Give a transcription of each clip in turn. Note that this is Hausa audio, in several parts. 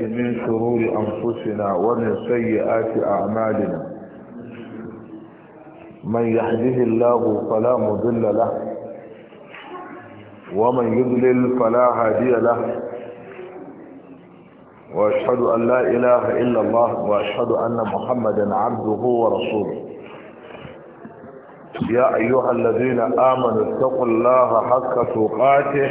من شرور أنفسنا ومن سيئات أعمالنا من يهده الله فلا مضل له ومن يضلل فلا هادي له واشهد ان لا اله الا الله واشهد ان محمدا عبده ورسوله يا ايها الذين امنوا اتقوا الله حق تقاته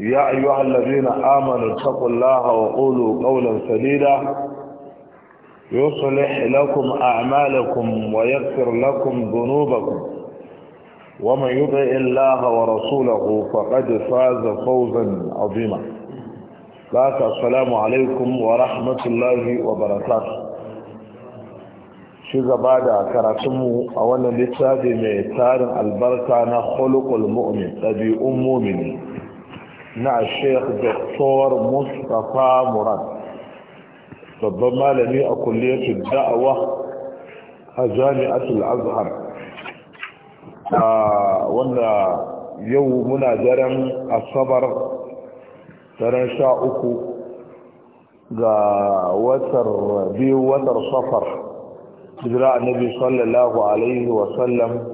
يا أيها الذين آمنوا اتقوا الله وقولوا قولا سديدا يصلح لكم أعمالكم ويغفر لكم ذنوبكم ومن يطع الله ورسوله فقد فاز فوزا عظيما بارك السلام عليكم ورحمة الله وبركاته shi بعد da أولا a wannan littafi mai tarin albarka na khuluqul mu'min مع الشيخ الدكتور مصطفى مراد ربما لدي أكلية الدعوة أجانعة الأزهر آه، وانا يومنا درم الصبر درم شاؤكو غا وتر بي وتر صفر إجراء النبي صلى الله عليه وسلم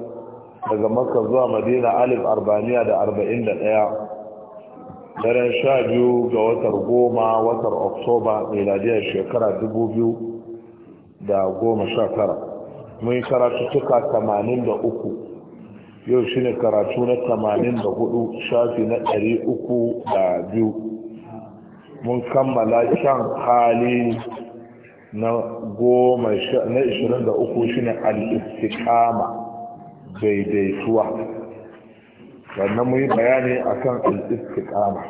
إذا مكة زوى مدينة ألف أربعمائة أربعين دقائق daren sha biyu ga watar goma watar oktoba miladiyar shekara dubu biyu da goma sha tara mun karatu tuka tamanin da uku yau shine karatu na tamanin da hudu shafi na ɗari uku da biyu mun kammala shan hali na goma na ishirin da uku shine al-istiqama daidaituwa sannan mu yi bayani akan al-istiqama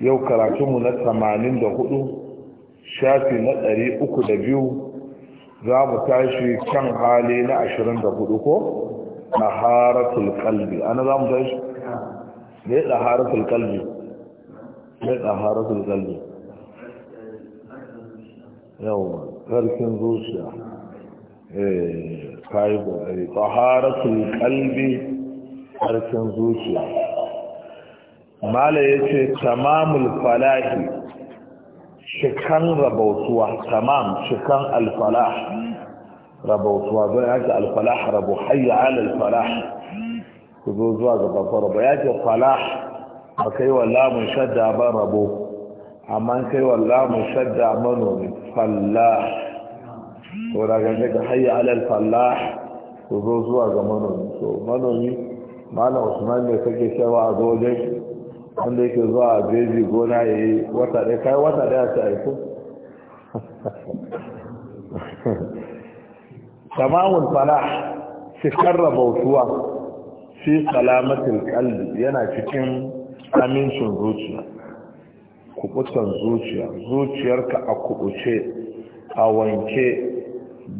yau karatunmu na 84 shafi na 302 za mu tashi kan hali na 24 ko taharatul qalbi ana za mu tashi ne taharatul qalbi ne taharatul qalbi yau karkin zuciya eh kai taharatul qalbi tsarkin zuciya mala ya ce tamamul falahi shikan rabautuwa tamam shikan alfalah rabautuwa zai yake alfalah rabu hayya ala alfalah ku zo zuwa ga babbar rabu ya ce falah ba kai wa lamun shadda ban rabu amma kai wa lamun shadda manomi falah to daga daga hayya ala alfalah ku zo zuwa ga manomi so manomi malam usman ne kake cewa a zo wanda yake zuwa a jeji gona ya yi wata ɗaya kai wata ɗaya ta aiko tamamun shi cikar rabautuwa shi salamatin kalbi yana cikin amincin zuciya kubutan zuciya zuciyarka a kubuce a wanke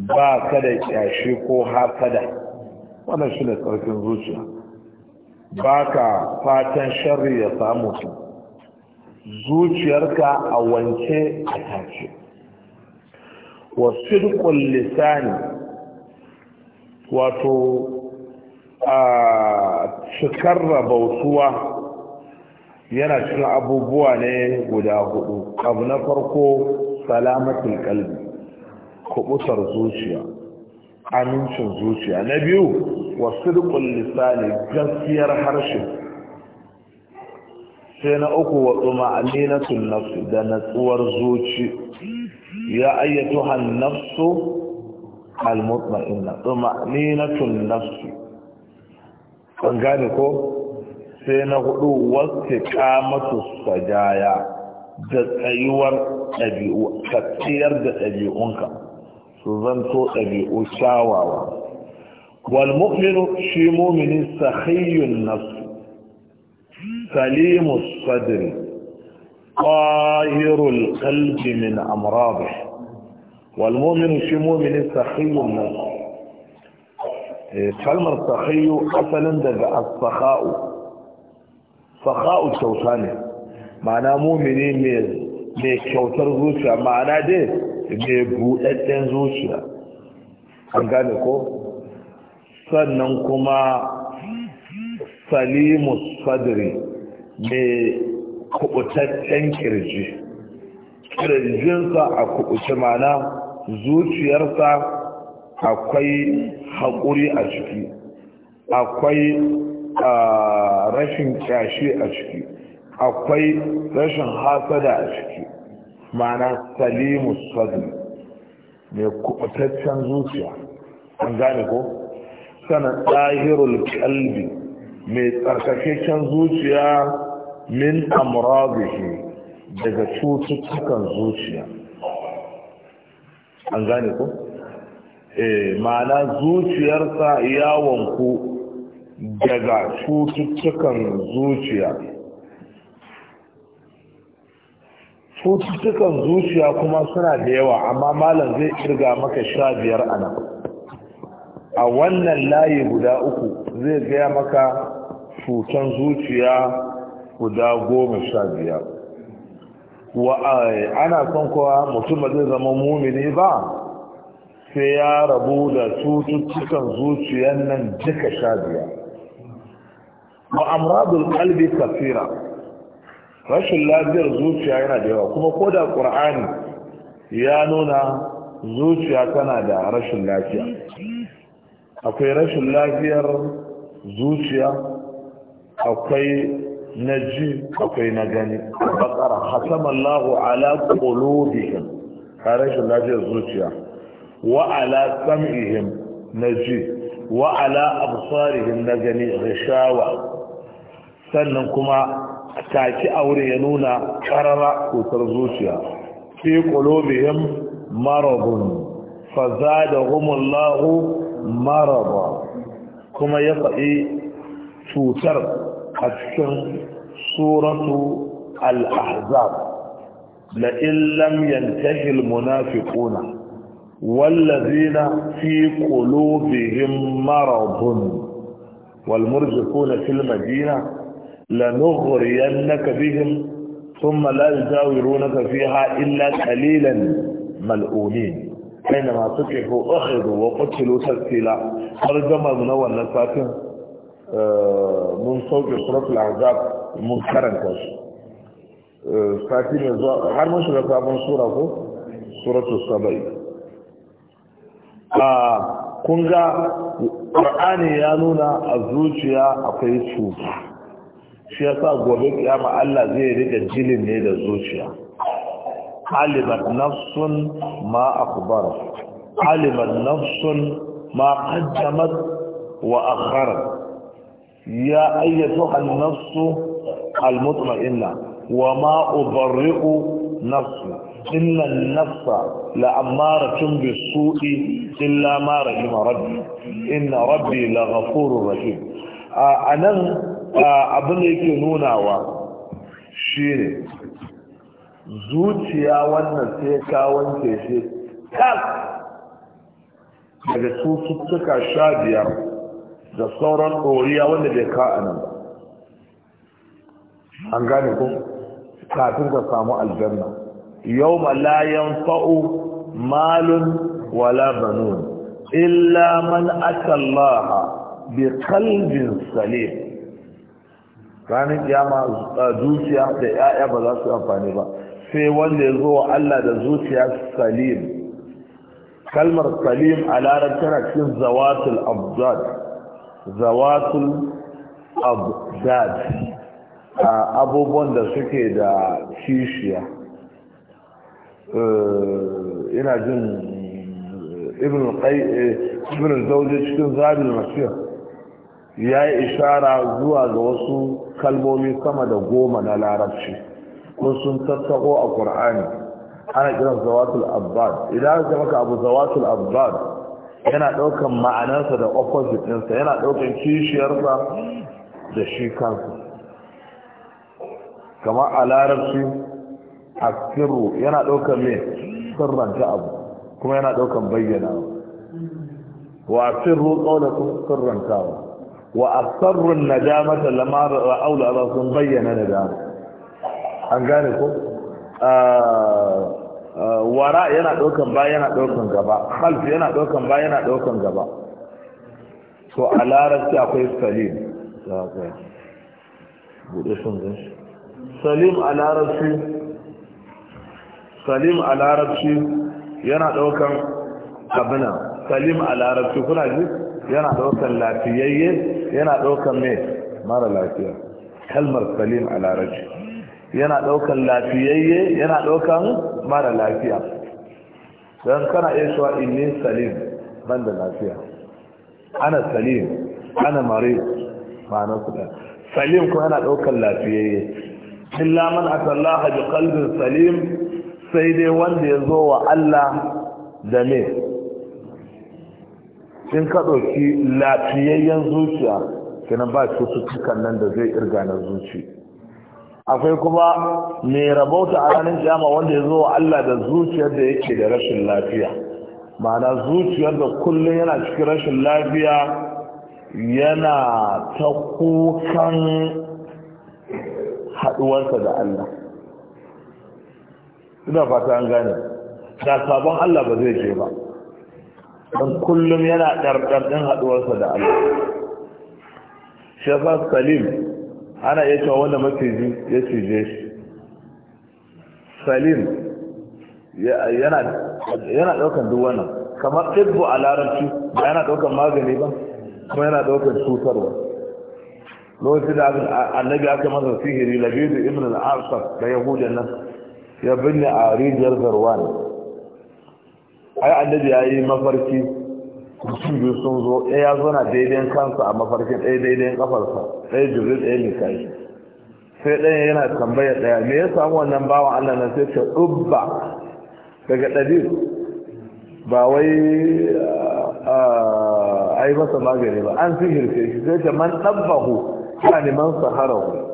ba ka da kyashi ko hafada wannan shi ne tsarkin zuciya baka fatan sharri ya samu su zuciyarka a wance a tace wa lisani wato a cikar rabautuwa yana cikin abubuwa ne guda hudu abu na farko salamatul kalbi kubutar zuciya amincin zuciya na biyu wa sirqul lisani gaskiyar harshe sai na uku wa alinatun nafsi da natsuwar zuci ya ayyatuha an-nafsu al-mutma'inna tuma'aninatul nafsi kan gane ko sai na hudu wasu kamatu sajaya da tsayuwar ɗabi'u ka tsayar da ɗabi'unka su zanto ɗabi'u kyawawa wal mu'minu shi mumini sahiyyun nafsu salimus sadri qahirul qalbi min amradih wal mu'minu shi mumini sahiyyun nafsu kalmar sahiyyu asalin daga as-sakha'u sakha'u kyauta ne ma'ana mumini mai kyautar zuciya ma'ana dai mai buɗaɗɗen zuciya an gane ko sannan kuma Salimu sadri mai kubutaccen kirji kirjinsa a kubuce mana zuciyarsa akwai haƙuri a ciki akwai rashin kyashi a ciki akwai rashin hasada a ciki ma'ana salimu sadu mai kubutaccen zuciya an gane ko sanar ɗahirul kalbi mai tsarkakeken zuciya min amrabihi daga cututtukan zuciya an gane ko eh ma'ana zuciyarsa ya wanku daga cututtukan zuciya cututtukan zuciya kuma suna da yawa amma malam zai kirga maka sha biyar a a wannan layi guda uku zai gaya maka cutan zuciya guda goma sha biyar wa eh, ana son kowa mutum zai zama mumini ba sai ya rabu da cututtukan zuciyan nan duka sha biyar wa kalbi kafira rashin lafiyar zuciya yana da yawa kuma ko da ƙur'ani ya nuna zuciya tana da rashin lafiya akwai rashin lafiyar zuciya akwai na ji akwai na gani bakar lahu ala qulubihim ka rashin lafiyar zuciya wa ala sam'ihim na ji wa ala absarihim na gani rishawa sannan kuma taki aure ya nuna karara cutar zuciya fi qulubihim maradun fazadahumullahu marada kuma ya faɗi cutar a cikin suratu al-ahzab la illam yantahi al-munafiquna والذين في قلوبهم مرض والمرجفون في المدينة lanughriyannaka bihim thumma la yujawirunaka fiha illa qalilan mal'unin kaina ma suke ko akhidu wa qutilu tasila tarjama na wannan satin mun sauke suratul ahzab mun karanta shi sati ne zuwa har mun shiga sabon sura ko suratul sabai kun ga ya nuna a zuciya akwai cuta shi ya sa gobe kiyama Allah zai rike jilin ne da zuciya alimat nafsun ma akbar alimat nafsun ma qaddamat wa akharat ya ayyatuha an-nafsu al-mutma'inna wa ma ubarri'u nafsi inna an-nafsa la'ammaratun bis-su'i illa ma rahima rabbi inna rabbi laghafurur rahim anan abin da yake nunawa ne. zuciya wannan sai ka wanke shi daga cututtuka sha biyar da sauran ɗoriya wanda bai ka a nan an gane ku kafin ka samu aljanna yau ma layan fa'o malun wala banun illa man akallaha bi kalbin salim ranar a zuciya da ya'ya ba za su amfani ba sai wanda ya zo wa Allah da zuciya salim kalmar salim a larar tana cikin zawatul abdad zawatul abdad abubuwan da suke da kishiya eh, ina jin ibn al-qayyim eh, ibn al-zawji ya yi ishara zuwa ga wasu kalmomi sama da goma na larabci kun sun tattako a ƙur'ani ana kiran zawatul abbad idan aka maka abu zawatul abbad yana ɗaukan ma'anarsa da opposite ɗinsa yana ɗaukan kishiyarsa da shi kansa kamar a larabci a sirru yana ɗaukan me ta abu kuma yana ɗaukan bayyana wa sirru ƙaunakun sirrantawa wa asarrun nadamata lama ra'au la'aba sun bayyana nadama an gane ko ah, ah, wara yana ɗaukan ba yana ɗaukan gaba khalf yana ɗaukan ba yana ɗaukan gaba to a larabci akwai salim buɗe sun salim a larabci salim a larabci yana ɗaukan abina salim a larabci kuna ji yana ɗaukar lafiyayye yana ɗaukar mai mara lafiya kalmar salim a larabci yana ɗaukar lafiyayye yana ɗaukar mara lafiya don kana iya shuwa inni salim banda lafiya ana salim ana mari ma'ana su ɗan salim kuma yana ɗaukar lafiyayye illa man atallaha bi qalbin salim sai dai wanda ya zo wa Allah da me in ka ɗauki lafiyayyen zuciya kenan ba cututtukan nan da zai irga na zuci akwai kuma mai rabauta a ranar kiyama wanda ya zo wa Allah da zuciyar da yake da rashin lafiya ma'ana zuciyar da kullum yana cikin rashin lafiya yana ta kukan haɗuwarsa da Allah ina fata an gane da sabon Allah ba zai je ba don kullum yana ɗarɗarɗin haɗuwarsa da Allah Shafa salim ana iya cewa wanda maciji ya cije shi salim yana ɗaukar duk wannan kamar ɗibbo a larabci ba yana ɗaukar magani ba kuma yana ɗaukar cutarwa lokacin da annabi aka masa sihiri labidu ibn al-arsar da yahudan nan ya binne a rijiyar zarwani ai annabi ya yi mafarki mutum biyu sun zo ɗaya ya zana daidai kansa a mafarkin ɗaya daidai kafarsa ɗaya jirgin ɗaya kai sai ɗaya yana tambaya ɗaya me ya samu wannan bawan allah na sai ta daga ɗabi'u ba wai a yi masa magani ba an sihirce shi sai ta man ɗabbahu ta neman saharahu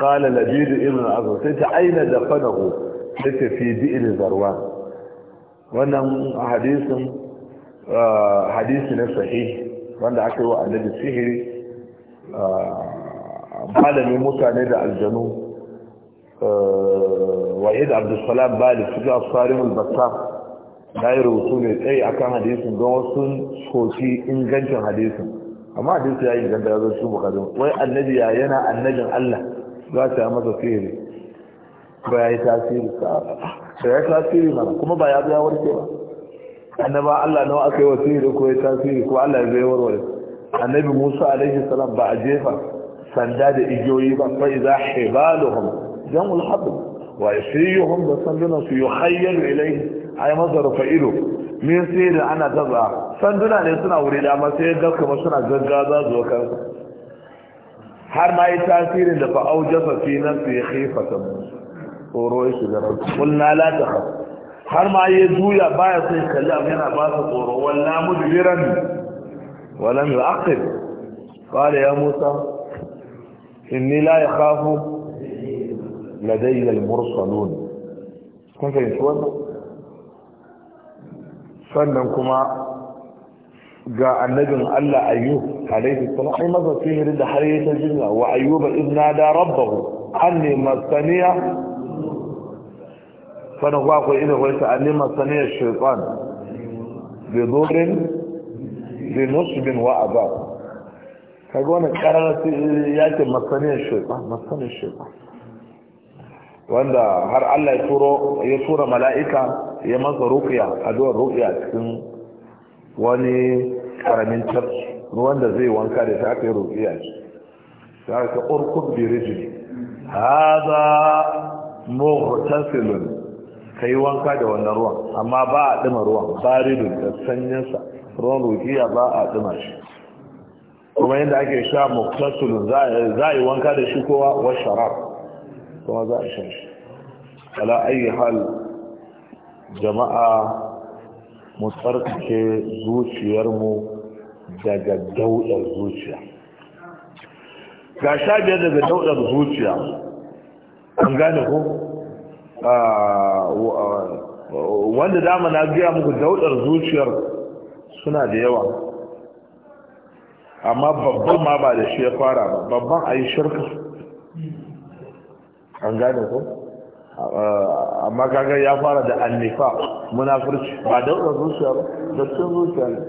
قال لبيد ابن عبد da أين sai ta fi بئر ذروان wannan hadisin ah, hadisi na sahih wanda aka yi wa annabi sihiri ah, malamin mutane da aljanu ah, wa'id abdulsalam bali shiga asarimul battar na yi rubutu mai tsaye akan hadisin don wasu soci ingancin hadisin amma hadisi ya yi inganta ya zo shi bukatun wai annabi ya yana annabin allah za ta yi masa sihiri ba ya yi tasiri ka to ya tasiri mana kuma ba ya zo ya warke ba annaba Allah nawa aka yi wa sihiri ko ya tasiri ko Allah ya zai warware annabi Musa alaihi salam ba a jefa sanda da igiyoyi ba fa idza hibaluhum jamul habl wa yasiyuhum da sanduna su yuhayyalu ilayhi ay mazar fa'ilu min sihiri ana taba sanduna ne suna wuri da amma sai ga kuma suna gaggaza zuwa kan har ma yi tasirin da fa aujasa fi nafsi khifatan Musa tsoro ya shiga rai kulna la ta khaf har ma ya juya baya sai kalli abin yana ba su tsoro walla mudbiran wala yu'aqib qala ya musa inni la yakhafu ladayya al-mursalun kun fahimci wannan sannan kuma ga annabin Allah ayyub alaihi salam ai maza sihiri da har yi ta jinna wa ayyuba idna da rabbahu anni masaniya fadin akwai ku idan wani alima saniya shaitan bi zurin bi nusbin wa azab kaga wannan karara ya yake masaniya shaitan masaniya shaitan wanda har Allah ya turo ya tura mala'ika ya masa ruqya addu'ar ruqya cikin wani karamin tafsi wanda zai wanka da ta aka yi ruqya ta aka urkub bi rijli hadha mughtasilun ka yi wanka da wannan ruwan amma ba a ɗima ruwan baridu da sanyinsa ruwan rukiya ba a ɗima shi kuma yadda ake sha muktasulun za a yi wanka da shi kowa wa sharaf kuma za a sha shi ala ayi hal jama'a mu tsarkake zuciyarmu daga daudar zuciya ga sha biyar daga dauɗar zuciya an gane ko Ah, ah, wanda dama na biya muku daudar zuciyar suna da yawa amma babban ma ba da shi ya fara ba babban a yi shirka an gane ko ah, amma kaga ya fara da annifa munafurci ba daudar zuciya ba cin zuciya ne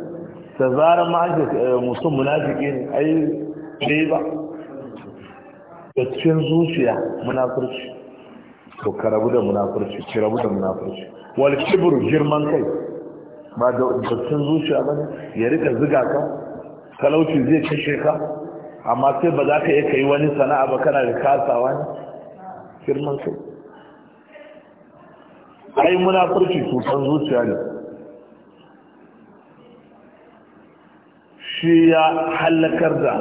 da zarar ma ake eh, mutum munafiki ne a yi ba cin zuciya munafurci to ka rabu da munafurci ki rabu da munafurci wal kibru girman kai ba da dattin zuciya ba ne ya rika ziga ka talauci zai kashe ka amma sai ba za ka iya kai wani sana'a ba kana da kasawa ne girman kai ai munafurci cutar zuciya ne shi ya halakar da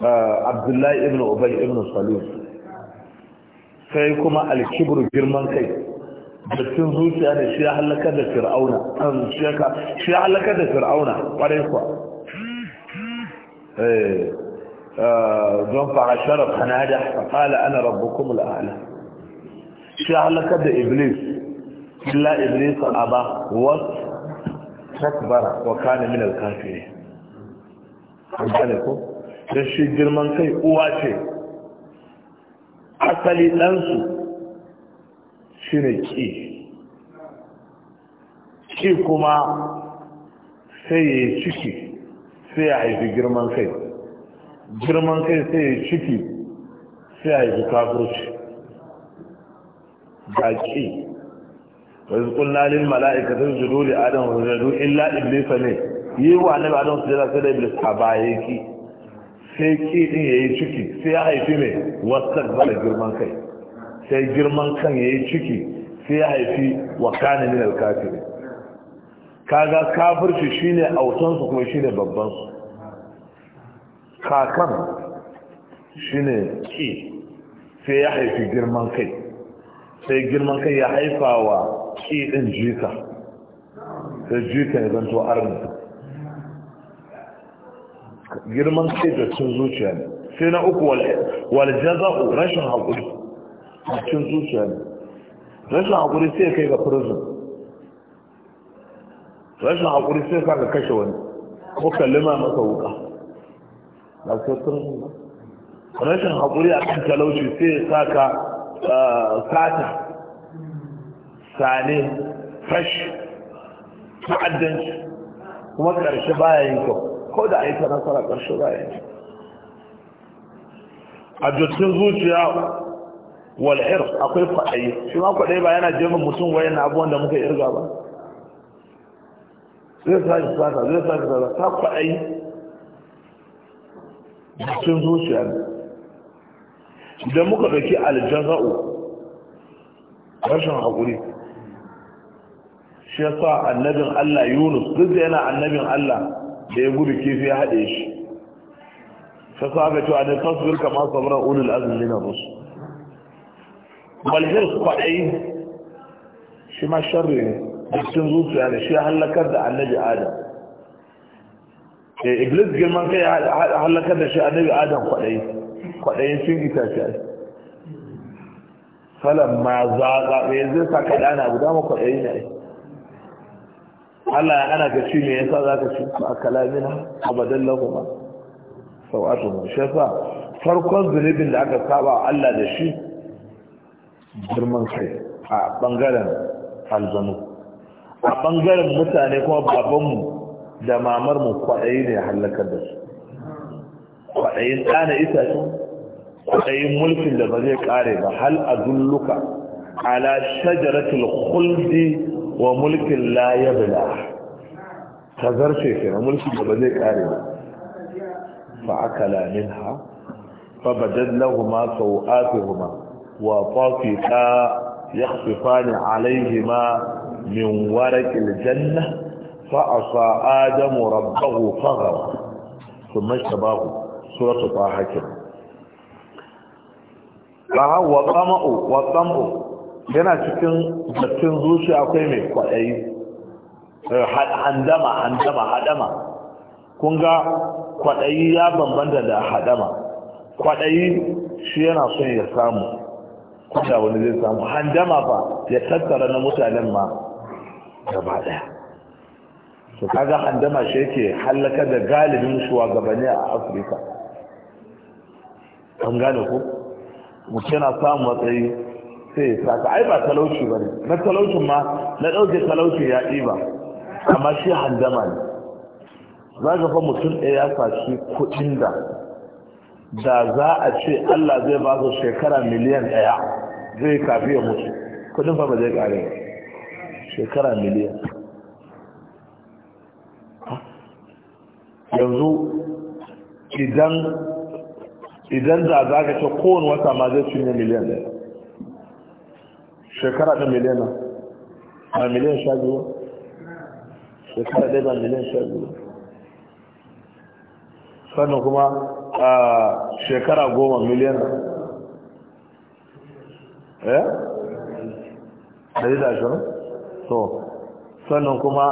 eh, abdullahi ibn ubay ibn Salisu. sai kuma alkibru girman kai dattin zuciya ne shi ya halakar da fir'auna an sheka shi ya halakar da fir'auna kwarai kuwa eh, eh don fara sharaf hanada faqala ana rabbukum al'ala shi ya halakar da iblis illa iblis aba wa takbara wa kana min al-kafirin an gane ko dan shi girman kai uwa ce asali ɗansu shi ne ƙi ƙi kuma sai ya yi ciki sai ya haifi girman kai girman kai sai ya yi ciki sai ya haifi kafurci ga ƙi wasu mala’ika sun judo da adam wajen illa iblisa ne yi wa annabi adam su jira sai da iblis a baya sai ke din yi ciki sai ya haifi mai wastakbara girman kai sai girman kan ya yi ciki sai ya haifi wa kana min kaga kafirci shine autan kuma shine babban kakan shine ki sai ya haifi girman kai sai girman kai ya haifa wa ki din jika sai jika ya zanto arnisa girman kai da cin zuciya ne sai na uku wal jaza'u rashin haƙuri cin zuciya ne rashin haƙuri sai kai ga prison rashin haƙuri sai ka kashe wani ko kallima maka wuka na sai prison ba rashin haƙuri a cikin talauci sai sa ka ah, sata sane fashi ta'addanci kuma ƙarshe baya yin kawai ko da aika nasara ƙarshe ba a yi a jotin zuciya wal'ir akwai kwaɗayi shi ma kwaɗayi ba yana jefa mutum wayan abuwan da muka irga ba zai sa shi sata zai sa shi sata ta kwaɗayi jotin zuciya ne idan muka ɗauki aljaza'u rashin haƙuri shi ya sa annabin Allah Yunus duk da yana annabin Allah da ya gudu kifi ya haɗe shi ta sabe to ne tasbir kama sabra ulul azmi na rusul bal hirs kwadai shi ma sharri ne cikin zuciya ne shi ya halakar da annabi adam eh iblis girman kai ya halakar da shi annabi adam kwadai kwadayin cin itace Salam ma zaga me zai saka na, guda ma kwadayi ne Allah ya hana ka ci me yasa za ka ci a kalamina abadan lahuma sau'atun shafa farkon zunubin da aka saba Allah da shi girman kai a bangaren aljanu a bangaren mutane kuma babanmu da mamarmu kwaɗayi ne halakar da su kwaɗayin ɗana itacen kwaɗayin mulkin da ba zai ƙare ba hal a zulluka ala shajaratul khuldi وملك لا يبلى خذر شيخ ملك بذلك آره فعكلا منها فبدد لهما سوءاتهما وطاقتا يخففان عليهما من ورك الجنة فأصى آدم ربه فغر ثم اشتباه سورة طه فهو وطمأ وطمأ yana cikin batun zuciya akwai mai kwaɗayi eh, handama handama hadama kun ga kwaɗayi ya bambanta da hadama kwaɗayi shi yana son ya samu kwada wani zai samu handama ba ya tattara na mutanen ma gaba ɗaya su kaga handama shi yake hallaka da galibin shugabanni a afirka an gane ku mutum yana matsayi sai ya saka ai ba talauci ba ne na talaucin ma na ɗauke talauci ya ɗiba amma shi handama ne za ka fa mutum ɗaya ya saci kuɗin da da za a ce Allah zai ba su shekara miliyan ɗaya zai kafi ya mutu kuɗin fa ba zai ƙare ba shekara miliyan yanzu idan idan da za ka ce kowane wata ma zai cinye miliyan ɗaya shekara ta miliyan a miliyan sha biyu shekara ɗaya ba miliyan sha biyu sannan kuma a shekara goma miliyan eh ɗari da ashirin so sannan kuma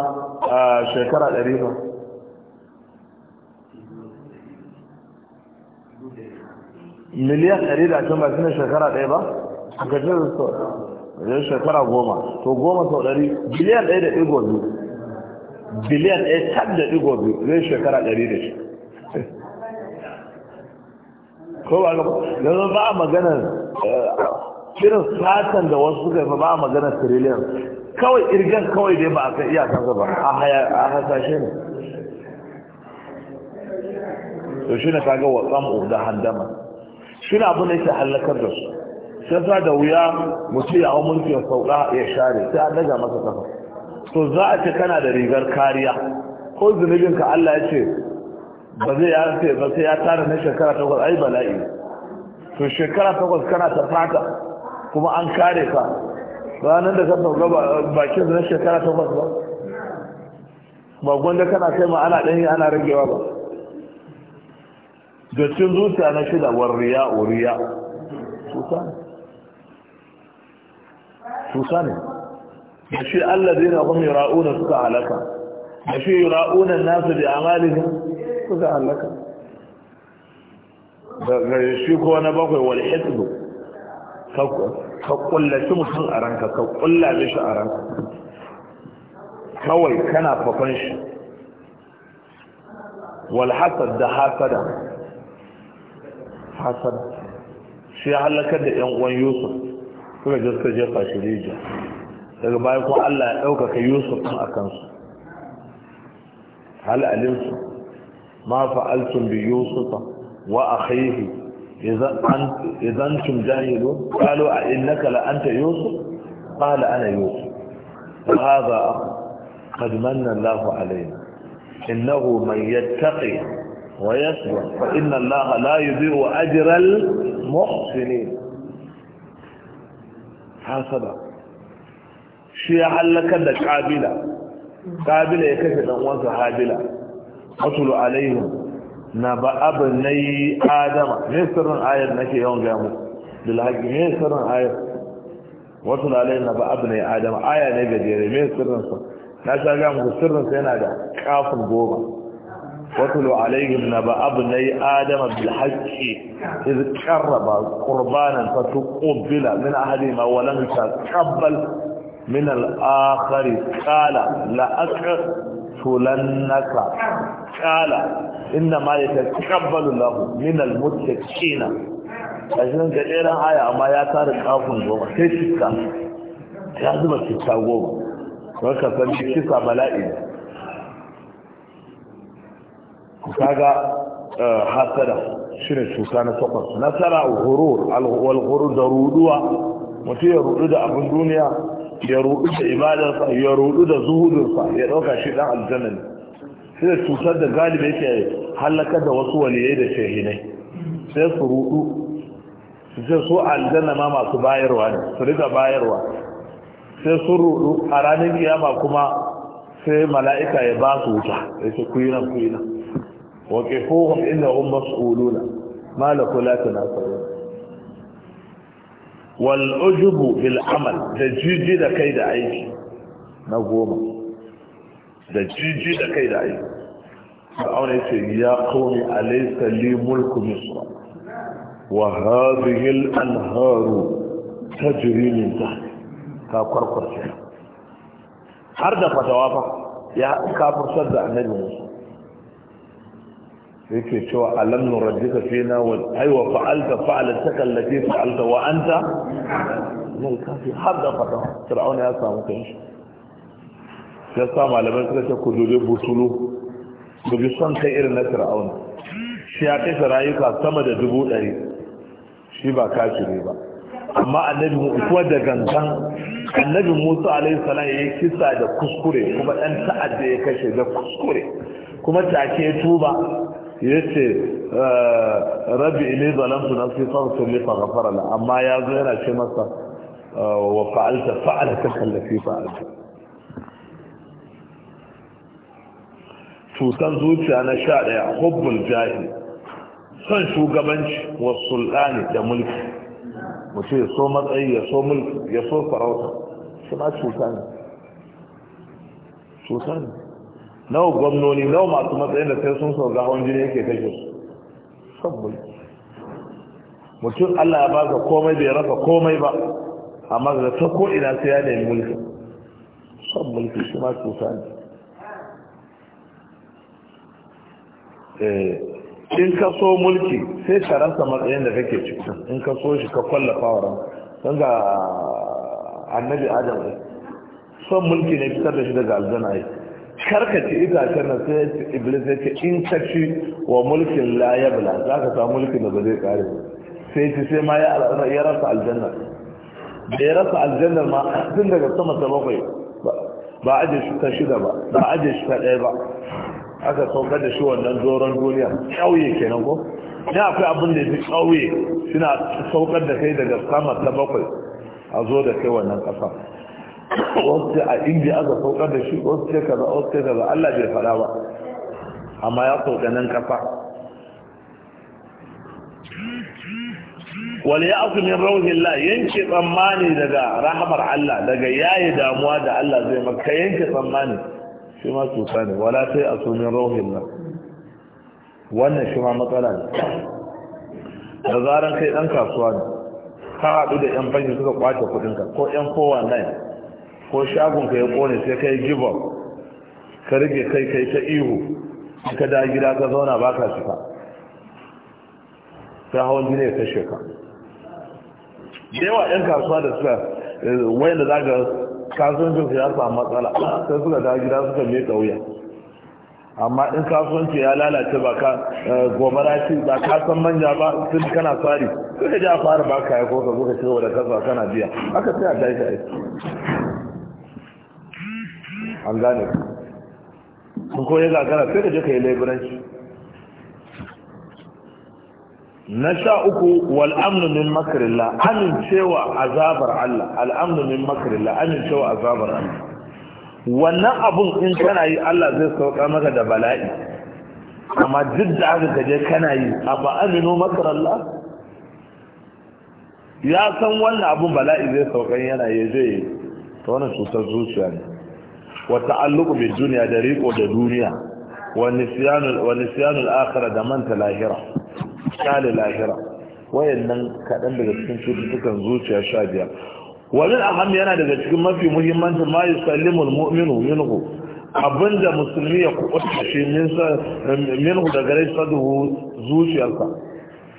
a shekara ɗari ba miliyan ɗari da ashirin ba shi ne shekara ɗaya ba a gajiyar da wajen shekara goma to goma sau ɗari biliyan ɗaya da ɗigo biyu biliyan ɗaya tab da ɗigo biyu zai shekara ɗari da shi ko ba ga yanzu ba a magana eh, irin satan da wasu suka yi ba a magana trillion kawai irgan kawai dai ba a kan iyakan ba a hasashe ne to shi ne kaga wa tsamu da handama shi ne abin da yake hallakar da su sai da wuya mutu ya hau mulki ya sauka ya share sai an daga masa kafa to za a ce kana da rigar kariya ko zunubin ka Allah ya ce ba zai ya ce ba sai ya tara na shekara takwas ai bala'i to shekara takwas kana ta fata kuma an kare ka ranar da ka sauka bakin na shekara takwas ba ba gwanda kana kai ma ana ɗanyi ana ragewa ba da cin zuciya na shida wa riya riya su sani da shi Allah zai na kuma yura'una suka halaka da shi yura'una nasu da amalihin suka halaka daga shi kowa na bakwai wani hisbu ka kullaci mutum a ranka ka kulla mishi a ranka kawai kana fakon shi wal da hasada hasad shi ya halakar da yan uwan yusuf suka je suka jefa shi rijiya daga baya kuma Allah ya ɗaukaka Yusuf a kansu hal alimsu ma fa'altum bi Yusufa wa akhihi idan tum jahilu qalu a innaka la anta Yusuf qala ana Yusuf hadha akhu qad manna Allahu alayna innahu man yattaqi ويصبر فإن الله لا يضيع أجر المحسنين hasada shi ya hallakar da kabila kabila ya kashe dan uwansa habila atulu alaihim na ba abnai adama ne sirrin ayar nake yawan ga mu bil haqqi ne sirrin ayar wasu alaihim na ba abnai adama aya ne gajere me sirrin sa na ta ga mu sirrin sa yana da kafin goma واتل عليهم نبأ ابني آدم بالحق إذ قرب قربانا فتقبل من أحدهما ولم يتقبل من الآخر قال لأقتلنك قال إنما يتقبل الله من المتقين ƙashin ga ɗeran أما يا ya قافون kafin goma يا shika ya zuba shika goma don kaga eh, hasada shine cuta na takwas nasara ghurur wal ghurur da ruduwa mutum ya rudu da abin duniya ya rudu da ibadarsa ya rudu da zuhudinsa ya dauka shi dan aljanna ne sai cutar da galibi yake halaka da wasu waliyai da shehinai sai su rudu su ce su aljanna ma masu bayarwa ne su riga bayarwa sai su rudu a ranar kiyama kuma sai mala'ika ya ba su wuta ya ce ku yi nan ku yi nan وقفوهم إنهم مسؤولون ما لك لا تناصرون والعجب بالعمل ده لكي دعيك نظوما ده لكي نقوم ده فرعون يقول يا قوم أليس لي ملك مصر وهذه الأنهار تجري من تحت كافر قرشها har da يا كاكور ya kafir sadda yake cewa alam nuraddika fina wa ay wa fa'alta fa'alataka allati fa'alta wa anta lal kafi har da fata fir'auna ya samu kan shi ya sa malaman suka ce ku dole busulu ku bi son kai irin na fir'auna shi ya kai rayuka sama da dubu ɗari shi ba kafiri ba amma annabi kuwa da gangan annabi musa alaihi salam ya kisa da kuskure kuma dan ta'adda ya kashe da kuskure kuma take tuba yace rabi ne zalamtu nafsi faghfir li faghfara la amma ya zo yana ce masa wa fa'alta fa'ala fa'alata allati fa'alta tusan zuciya na sha ɗaya hubbul jahi son shugabanci wa sultani da mulki mutu ya so matsayi ya so mulki ya so farauta suna cuta ne cuta ne nawa gwamnoni nawa masu matsayin da sai sun sauza hawan jini yake kashe su sabbin mutum allah ya baka komai bai rasa komai ba amma da ta ko ina sai ya nemi mulki son mulki shi ma cuta ne eh, in ka so mulki sai ka rasa matsayin da kake cikin in ka so shi ka kwalla fawaran don ga annabi adam ne son mulki ne fitar da shi daga aljanna karkace itacen nan sai iblis ya ce in ka ci wa mulkin la ya yabla za ka samu mulkin da ba zai kare sai ci sai ma ya rasa aljanna da ya rasa aljanna ma tun daga sama ta bakwai ba ajiye shi ta shida ba ba ajiye shi ta ɗaya ba aka sauka da shi wannan doron duniya ƙauye kenan ko ne akwai abin da ya fi ƙauye suna saukar da kai daga sama ta bakwai a zo da kai wannan ƙasa wasu a inda aka saukar da shi wasu ce kaza wasu ce kaza Allah bai fara ba amma ya sauka nan kafa ya ya'fu min la yanke tsammani daga rahamar Allah daga yayi damuwa da Allah zai maka yanke tsammani shi ma tusa ne wala sai su min la. wannan shi ma matsala ne da zaran kai dan kasuwa ne ka haɗu da yan banki suka kwace kuɗinka ko yan nai ko shagon ka ya kone sai kai give up ka rike kai kai ta ihu ka da gida ka zauna ba ka ka ta hawan jini ya kashe ka da yawa yan kasuwa da suka wayanda za ka kasuwancin su ya samu matsala sai suka da gida suka mai kauya amma in kasuwanci ya lalace ba ka eh, gobara ce ba ka san manja ba sun kana tsari sai ka ji fara ba ka ya ko ka zo ka ce wa da kasuwa kana biya haka sai a tashi aiki an gane ku kun ga gagara sai da jika yi laiburanci na sha uku wal'amnu min makarilla amincewa azabar Allah Al'amnu min makarilla amincewa azabar Allah wannan abun in kana yi Allah zai sauka maka da bala'i amma duk da aka kaje kana yi a ba aminu makarallah ya san wannan abun bala'i zai sauka yana yaje ta wannan cutar zuciya ne wa ta'alluqu bil dunya da riko da duniya wa nisyanu wa nisyanu al da manta lahira wayannan kadan daga cikin cututtukan zuciya sha biyar wannan aham yana daga cikin mafi muhimmanci ma yusallimu al minhu abinda musulmi ya kuɓuta shi minhu da gare saduhu zuciyarsa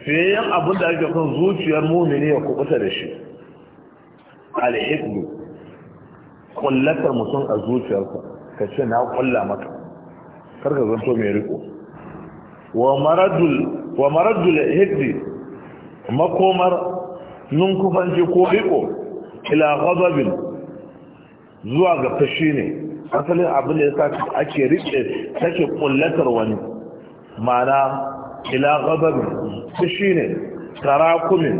fiye abinda ake kan zuciyar mumini ya kuɓuta da shi al'iklu kullatar mutum a zuciyarsa ka ce na kulla maka karka zanto mai riko wa maradul hiddi makomar ninkufanci ko riko ila gazabin zuwa ga fashi ne asalin abin da ya ake rike take kullatar wani mana ila gazabin fashi ne tarakumin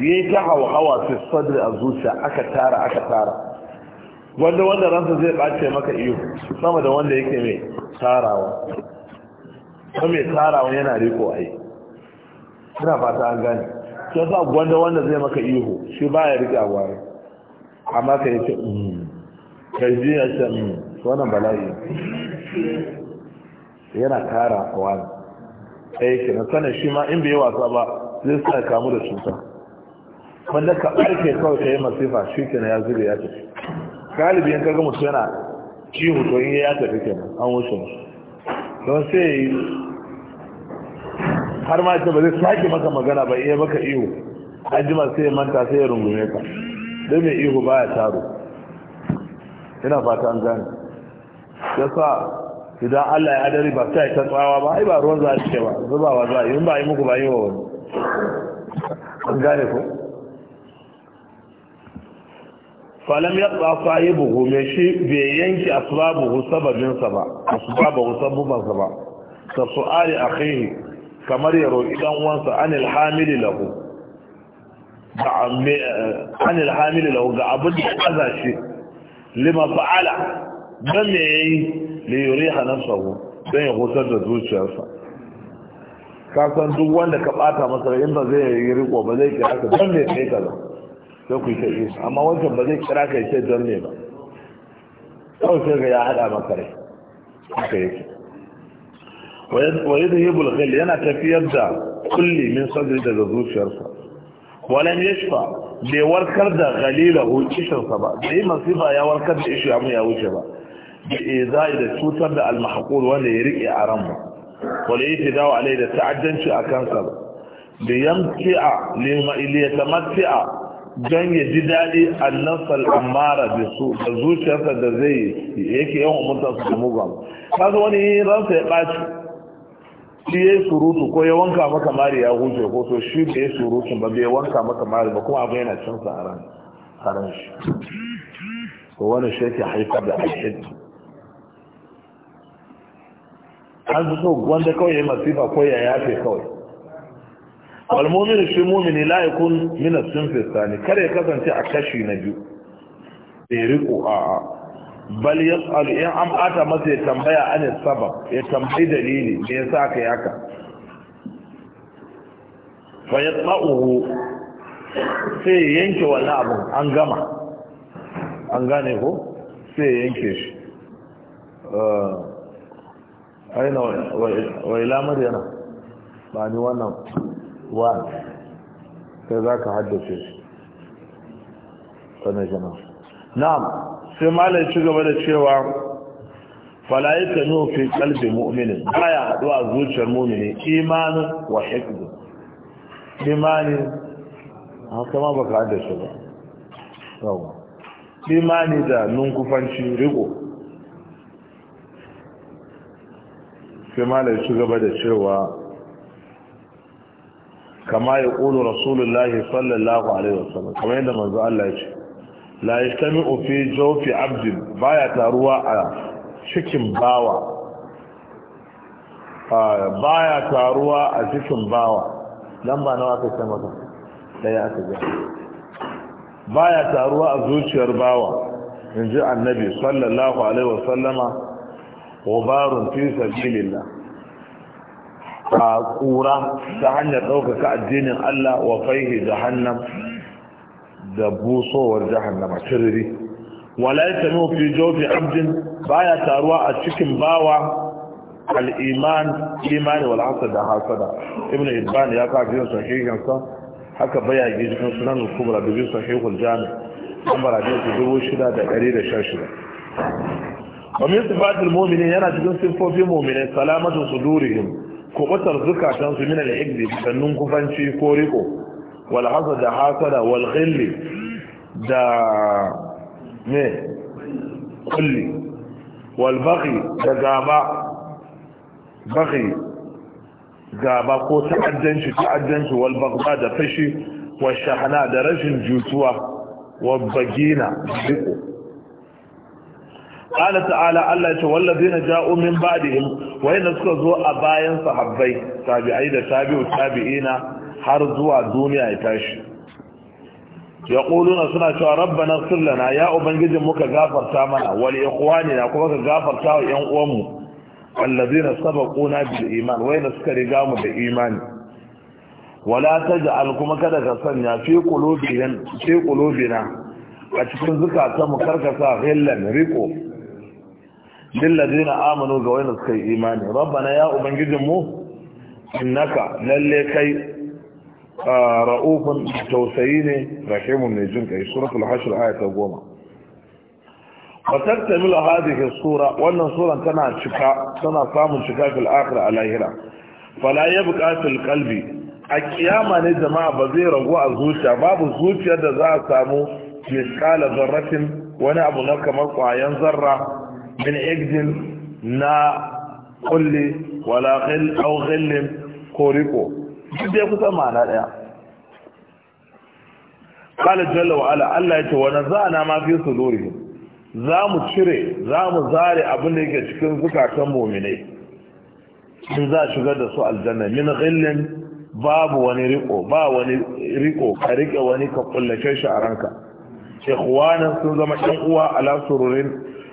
yi ta hawa hawa fi sadri a zuciya aka tara aka tara wanda wanda ransa zai ɓace maka iyo sama da wanda yake mai tarawa ko mai tarawa yana riko ai ina fata an gane sai sa wanda wanda zai maka ihu shi baya rike a gwari amma kai yake, mm kai ji ya ce mm wannan bala'i yana tara wani sai ke na sanin shi ma in bai wasa ba zai sa kamu da cuta wanda ka barke kawai ka yi masifa shi ke na ya zube ya tafi galibi in kaga mutum yana ci to yin ya tafi nan an wuce don sai har ma ita ba zai sake maka magana ba iya maka ihu an jima sai manta sai ya rungume ka don mai ihu baya taro ina fata an gane sa idan Allah ya adari ba sai ta tsawa ba ai ba ruwan za a ce ba zubawa za a yi in ba yi muku ba yi wa wani an gane ko falam ya tsafa yi buhu mai shi bai yanki asbabuhu sababinsa ba asbabuhu sabubansa ba ka a kai kamar ya roƙi dan uwansa anil hamili lahu ga eh, anil hamili lahu ga abin da kaza shi lima fa'ala dan me yayi yuri hannun nafsahu don ya hutar da zuciyarsa ka san duk wanda ka bata masa inda ba zai yi riko ba zai kira ka dan me kai kaza sai ku yi ta isa amma wancan ba zai kira ka ce don ne ba sau sai ga ya haɗa maka rai haka yake wa yi da hebul ghali yana tafiyar da kulli min sadri daga zuciyarsa walan yashfa bai warkar da galila ko kishinsa ba da yi masifa ya warkar da ishi amma ya wuce ba da izai da cutar da almahakul wanda ya riƙe a ran ba wanda yi fidawa dawo alai da ta'addanci a kansa ba da a lima iliyata mati'a don ya ji daɗi annasal amara da su da zuciyarsa da zai yake yawan umarta su da Ta kasu wani ransa ya ɓaci shi ya surutu ko ya wanka maka mari ya huce ko to shi da ya surutu ba bai wanka maka mari ba kuma abu yana cin sa a shi Ko wani shi yake haifar da alhid an fi so wanda kawai ya yi masifa ko ya yafe kawai walmomin shi mumini la yakun min as ne thani kare kasance a kashi na biyu sai riko a a bal yas'al in an ata masa ya tambaya an sabab ya tambayi dalili me yasa ka yaka fa yatma'uhu sai yanke wannan abin an gama an gane ko sai ya yanke shi eh, aina wa ila maryana ba ni wannan Wa sai za ka haddace shi sanar jama'a na'am sai malai ci gaba da cewa falaye ta nufin kalbi mu'minin baya haduwa zuciyar mu'mini imanin wa hikdu imanin haka ma ba ka haddace ba yawon imani da nunkufanci riko sai malai ci gaba da cewa kama ya ƙulu rasulullahi sallallahu alaihi wasallam kamar yadda manzo Allah ya ce la yastami'u fi jawfi abdin baya taruwa a cikin bawa baya taruwa a cikin bawa dan ba nawa aka ce maka daya aka ga baya taruwa a zuciyar bawa Inji annabi sallallahu alaihi wasallama ghubarun fi sabilillah a kura ta hanyar ɗaukaka addinin Allah wa faihi jahannam da busowar jahannama tiriri wala ya tanu fi jofi abdin baya taruwa a cikin bawa al'iman imani wal hasad da hasada ibn hibban ya ka biyan sahihin sa haka baya ji cikin sunan al-kubra da biyan sahihul jami kamar hadisi 6116 wa min sifatil mu'minin yana cikin sifofin mu'minai salamatu sudurihim kubutar zukatansu min al sannan kufanci ko riko wal da hasada wal da ne kulli wal da gaba baghi gaba ko ta'addanci ta'addanci wal da fashi wal shahana da rashin jutuwa wal bagina قال تعالى الله والذين جاءوا من بعدهم وين suka zo a bayan sahabbai tabi'ai da tabi'u tabi'ina har zuwa duniya ya tashi yaƙuduna suna cewa rabba na lana ya ubangijin muka gafarta mana wal ikhwanina kuma ka gafarta wa yan uwanmu saba ƙuna bil iman wayna suka riga mu da imani wala taj'al kuma kada ka sanya fi ƙulubina a cikin zukatan mu karkasa ghillan riko. lilladina amanu ga wayanda suka yi imani rabbana ya ubangijin mu innaka lalle kai ra'ufun tausayi ne rahimun ne jin kai suratul hashr aya ta goma hadhihi sura wannan suran tana cika tana samun cika fil akhir a lahira fala yabqa fil qalbi a kiyama ne jama'a ba zai ragu a zuciya babu zuciyar da za a samu miskala zarratin wani abu na kamar kwayan zarra min exil na kulli wala khil aw ko riko duk dai kusan ma'ana daya qala jalla wa Allah ya ce wa nazana ma fi za mu cire za mu zare abin da yake cikin zukatan muminai in za shigar da su aljanna min ghillin babu wani riko ba wani riko ka rike wani ka kullace shi a ranka ikhwana sun zama ɗan uwa ala sururin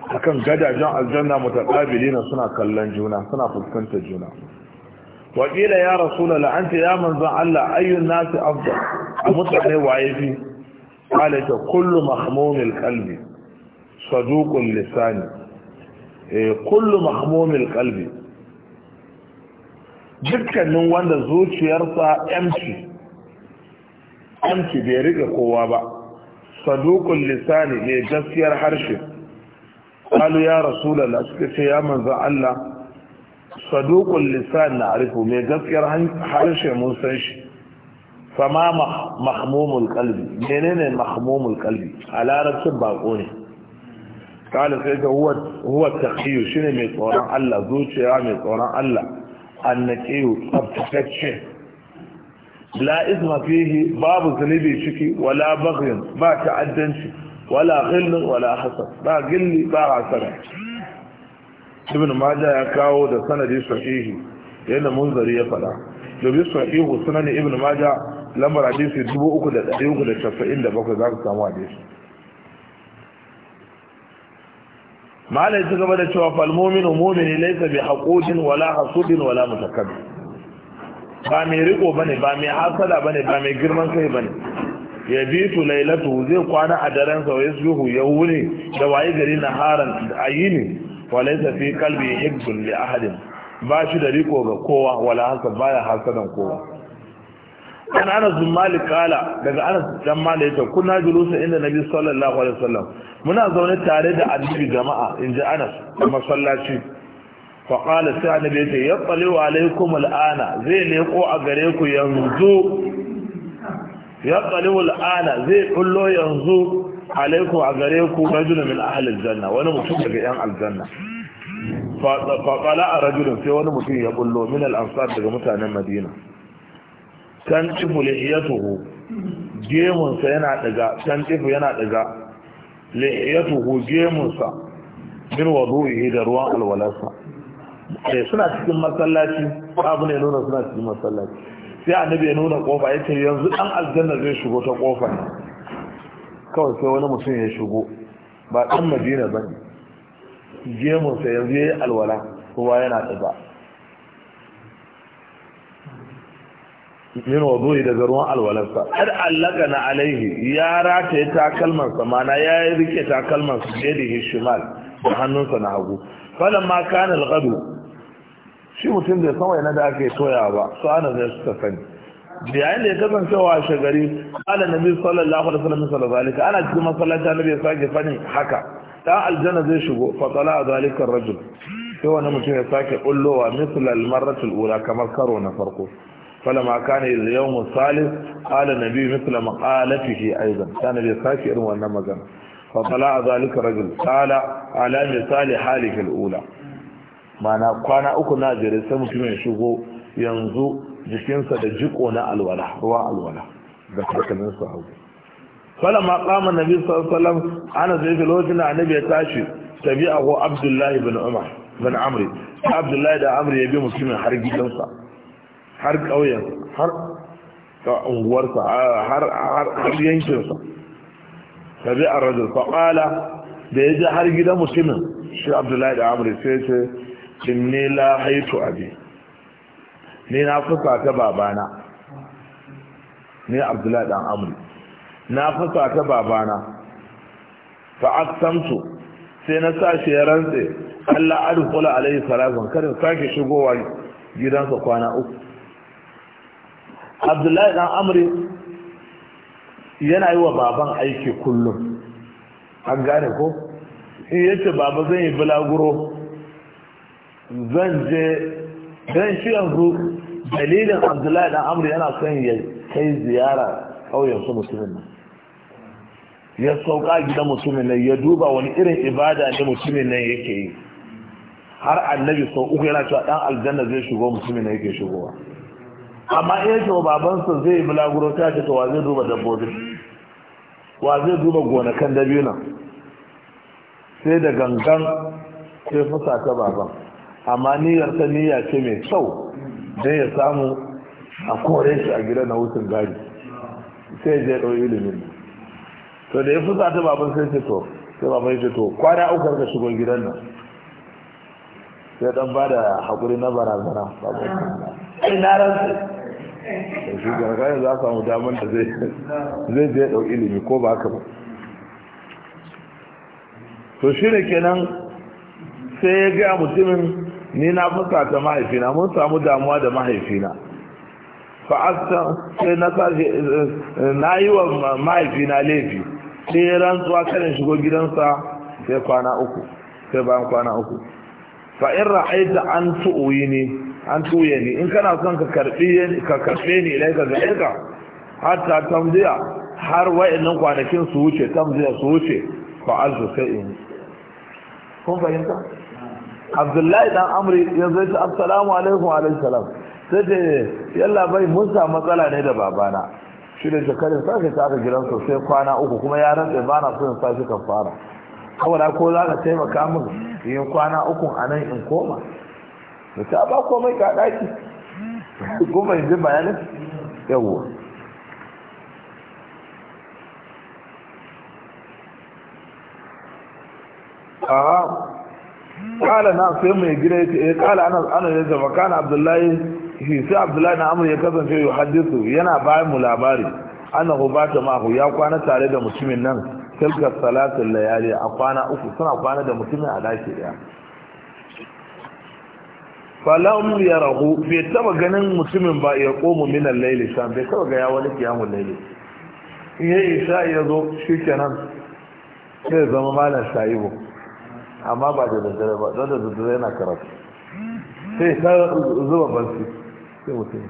akan gadajen aljanna mutaqabilina suna kallon juna suna fuskantar juna wa qila ya rasul la anta ya manzo Allah ayyun nasi afdal mutane waye fi qala ta kullu mahmum alqalbi saduq lisani eh, kullu mahmum alqalbi dukkanin wanda zuciyarsa empty empty bai rike kowa ba Saduƙun lisani ne gaskiyar harshe kalu ya rasulullah suka ce ya manzo Allah saduqul lisan na arifu mai gaskiyar harshe mun shi fama mahmumul qalbi menene mahmumul kalbi? a larabcin bako ne kala sai ga huwa taqiyu shine mai tsoron Allah zuciya mai tsoron Allah annaqiyu tsabtacce la isma fihi babu zunubi ciki wala baghyin ba ta'addanci wala غل wala حسد ba غل ba حسد ibn ماجه ya kawo da سند صحيح yadda munzari ya fada domin sahihu sunan ibn majah lambar hadisi 3397 za سامو samu hadisi malai ci ده da cewa falmominu ليس بحقود ولا حسد wala متكبر ba mai riko bane ba mai hasala bane ba mai girman kai bane ya bi tu lailatu zai kwana a daren sa wai zuhu ya wuni da waye gari na haran ayini wa laysa fi qalbi hibbun li ahadin ba shi da riko ga kowa wala hasa baya hasadan kowa kana ana bin malik kala daga anas dan malik ta kuna julusa inda nabi sallallahu alaihi wasallam muna zaune tare da annabi jama'a inji anas masallaci fa qala sai annabi ya ce yattali alaikum al'ana zai leko a gare ku yanzu ya qalul ana zai kullo yanzu alaikum a gare ku rajulun min ahli aljanna wani mutum daga yan aljanna fa a rajulun sai wani mutum ya kullo min al daga mutanen madina kan tifu lihiyatuhu gemun sa yana daga kan tifu yana daga lihiyatuhu gemun sa min wudu'ihi da ruwan alwalarsa eh, suna cikin masallaci abu ne nuna suna cikin masallaci sai annabi ya nuna kofa ya ce yanzu dan aljanna zai shigo ta kofa kawai sai wani mutum ya shigo ba dan madina ba ne gemunsa yanzu ya yi alwala kuma yana ɗaza yin wazo daga ruwan alwalarsa har allaka na alaihi ya rataye takalmansa mana ya yi rike takalmansa da shimal da hannunsa na hagu falon ma kanin gado shi mutum bai san waina da aka yi toya ba su ana zai suka sani da yayin da ya kasance wa shagari ala nabi sallallahu alaihi wasallam sallallahu alaihi ana cikin masallaci na ya sake fani haka dan aljanna zai shigo fa tala zalika rajul sai wani mutum ya sake bullowa misal al-marrat ula kamar karo na farko فلما كان اليوم الثالث قال النبي مثل مقالته ايضا كان بيساكي irin wannan magana فطلع ذلك الرجل قال على مثال حاله الاولى mana kwana uku na jere sai mutum ya shigo yanzu jikinsa da jiko na alwala ruwa alwala da karkamin su hau fala ma kama nabi sallallahu alaihi wasallam ana zai ga lokacin da annabi ya tashi tabi'ahu abdullahi ibn umar bin amri abdullahi da amri ya bi mutumin har gidansa har ƙauyen har unguwarsa har yankinsa tabi a rajul kala da ya ji har gidan mutumin shi abdullahi da amri sai ce inni la haitu abi ni na fusa ta babana ni abdullahi dan amri na fusa ta babana fa aqsamtu sai na sashi ya rantse Allah adkhula alayhi salatu kada sake shigowa gidansa kwana uku abdullahi dan amri yana yi wa baban aiki kullum an gane ko in yace baba zan yi bulaguro zan je don shi yanzu dalilin abdullahi dan amri yana son ya kai ziyara ƙauyen su musulmin nan ya sauka gidan musulmin nan ya duba wani irin ibada ne musulmin nan yake yi har annabi sau uku yana cewa dan aljanna zai shigo musulmin nan yake shigowa amma iya ce wa babansa zai yi bulaguro ta ce wa zai duba dabbobin wa zai duba gonakan dabinan sai da gangan sai fusa ta baban amma niyyar ta niyya ce mai kyau don ya samu a kore shi a gida na wutan gari sai je ɗau ilimin to da ya fusa ta baban sai ce to sai baban ce to kwana uku ka shigo gidan nan sai dan ba da haƙuri na barazana baban sai na da shi gargara za samu damar da zai je ɗau ilimi ko ba ka ba to shi ne kenan sai ya gaya mutumin ni na fusa ta mahaifina mun samu damuwa da mahaifina fa'asta sai na sashi na yi wa mahaifina laifi sai ya rantsuwa kanin shigo gidansa sai kwana uku sai bayan kwana uku fa'in ra'aita an tu'uyi ne an tuye ni in kana son ka karɓi ka karɓe ni ilai ka gare ka ta tamziya har wa'annan kwanakin su wuce tamziya su wuce fa'altu sai in kun fahimta abdullahi dan amri ya zai ta assalamu alaikum wa salam sai da yalla bai mun matsala ne da babana shi da shekaru sake ta aka gidansa sai kwana uku kuma ya rantsa ba na son sashi kan fara saboda ko za ka taimaka min yin kwana uku a nan in koma da ta ba komai ka daki kuma yanzu bayanin Yawo. a kala na sai mai gida ya ce eh kala ana ana ya zama kana abdullahi shi sai abdullahi na amur ya kasance ya hadisu yana bayan mu labari annahu ba ta mahu ya kwana tare da mutumin nan tilka salatin layali a kwana uku suna kwana da mutumin a daki daya falam ya rahu bai taba ganin mutumin ba ya komu minan laili sam bai taba ga ya wani kiyamun laili in ya isa ya zo shi kenan sai zama malam shaibu amma ba da daddare ba don da daddare yana karatu sai ta zuba bansu sai mutum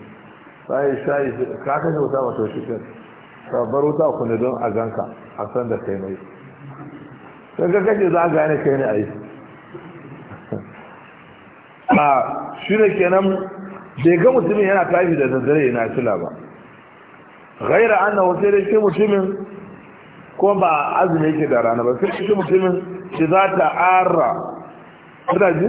sai shayi ka kashe wuta mata shi kan sabar wuta ku ne don a ganka a san da kai mai sai ka kashe za a gane kai ne a yi a shi ne kenan bai ga mutumin yana tafi da daddare yana tula ba ghaira annahu sai dai shi mutumin ko ba azumi yake da rana ba sai shi mutumin shi za ta ara kuna ji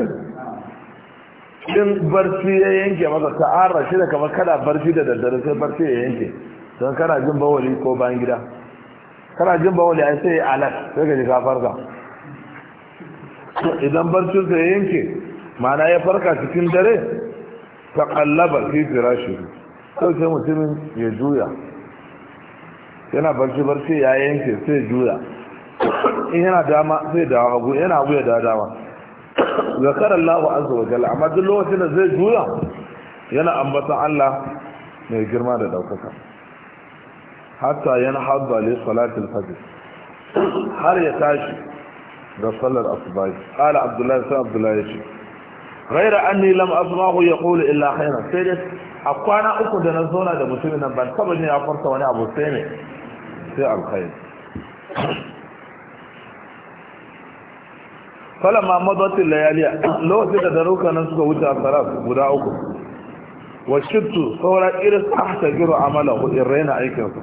in barci ya yanke masa ta ara shi da kamar kada barci da daddare sai barci ya yanke don kana jin bawali ko bayan gida kana jin bawali ai sai alat sai ka ji ka farka idan barcin sa ya yanke ma'ana ya farka cikin dare ta kallaba fi firashi sai mutumin ya juya yana barci barci ya yanke sai juya in yana dama sai dawo abu yana hagu ya dawo dama zakar Allah azza wa jalla amma duk lokacin da zai juya yana ambatan Allah mai girma da daukaka hatta yana hadda li salatul fajr har ya tashi ga sallar asubahi qala abdullahi sai abdullahi yace ghayra anni lam asma'hu yaqulu illa khayran sai dai a kwana uku da na zauna da mutumin nan ban taba ne a farka wani abu sai ne sai kai kala ma madatin layaliya lokacin da daruka nan suka wuce a sarar guda uku wa shittu saura iris ahtajiru amala ku in raina aikinsa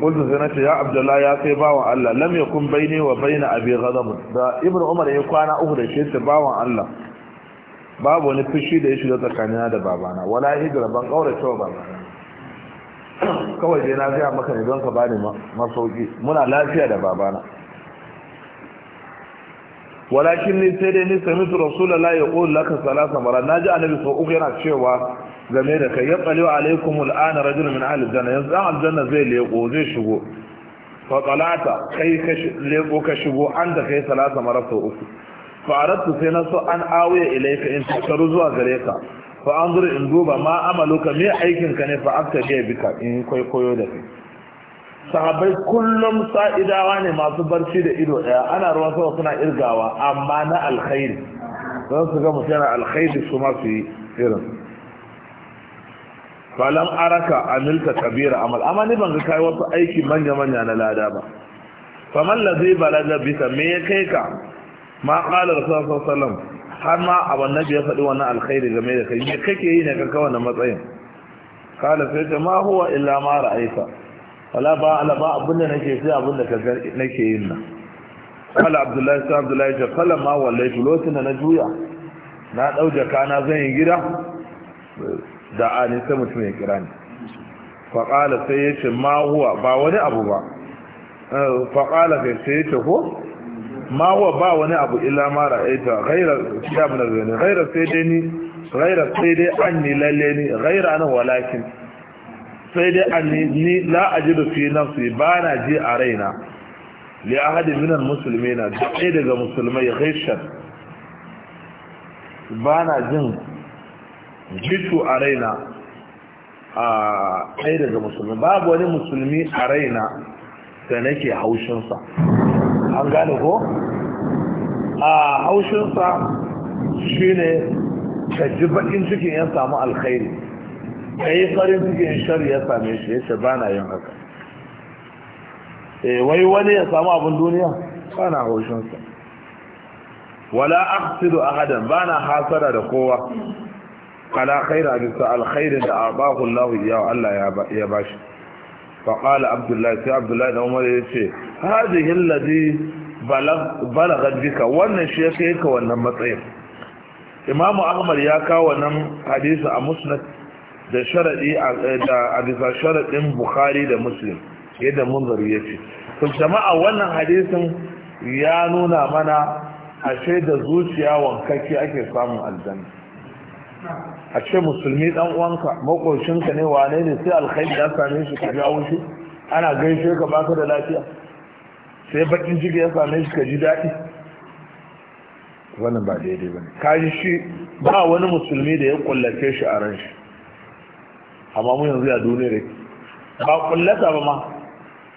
kulta sai nace ya abdullahi ya kai bawan Allah lam yakun baini wa baina abi ghadab da ibnu umar ya kwana uku da shi bawan Allah babu wani fushi da ya shiga tsakanina da babana wala hijira ban kaura cewa babana kawai dai na gaya maka ne don ka bani masauki muna lafiya da babana walakin ni sai dai ni sami su la ya ƙoli laka salasa mara na ji annabi sau uku yana cewa game da kai ya tsaliwa alaikum al'ana rajul min aljanna yanzu dan aljanna zai leko zai shigo fa tsalata kai ka leko ka shigo an da kai salasa mara sau uku fa sai na so an awuya ilaika in tattaru zuwa gare ka fa an zuri in duba ma amaluka me aikinka ne fa afta biya bika in kwaikwayo da kai sahabai kullum sa'idawa ne masu barci da ido daya ana ruwa sama suna irgawa amma na alkhairi don su ga mutum alkhairi su ma yi irin falam araka amilta kabira amal amma ni ban ga kai wasu aiki manya manya na lada ba faman ladhi balaga bisa me ya kai ka ma qala rasul sallallahu har ma abannabi ya faɗi wannan alkhairi game da kai me kake yi ne kanka wannan matsayin kala sai ta ma huwa illa ma ra'aita wala ba ala ba abin da nake sai abin da kaga nake yin nan kala abdullahi sai abdullahi ya kala ma wallahi lokacin da na juya na dau jaka na zan yi gida da ani sai mutum ya kira ni fa kala sai ya ce ma huwa ba wani abu ba eh, fa kala sai ya ce ko ma wa ba wani abu illa ma ra'aita ghaira kiya na zani ghaira sai dai ni ghaira sai dai an ni lalle ni ghaira na walakin sai dai an ni la ajidu fi nafsi ba na ji a raina li ahadin min al muslimina dai daga musulmai ghaishan ba na jin jitu a raina a ɗaya daga musulmi babu wani musulmi a raina da nake haushinsa an gane ko a haushinsa shi ne ka ji bakin cikin ya samu alkhairi ka yi farin cikin shari ya same shi ya ce ba na yin haka eh, wai wani ya samu abin duniya ba na haushinsa wala aqsidu a ba na hasara da kowa ala khaira bisa alkhairin da abahu Allah iyawa Allah ya bashi faƙala abdullahi sai abdullahi dan umar ya ce hadihin ladi balagar bika wannan shi ya kai ka wannan matsayin Imam ahmad ya kawo wannan hadisi a musnad da sharaɗi da bisa sharaɗin bukhari da muslim yadda munzari ya ce to jama'a wannan hadisin ya nuna mana ashe da zuciya wankake ake samun aljanna a ce musulmi dan uwanka makocinka ne wane ne sai alkhairi ya same shi ka ji aushi ana gaishe ka baka da lafiya sai bakin jiki ya same shi ka ji daɗi wannan ba daidai ba ne kaji shi ba wani musulmi da ya kullace shi a ran shi amma mu yanzu ya duniya da ke ba kullata ba ma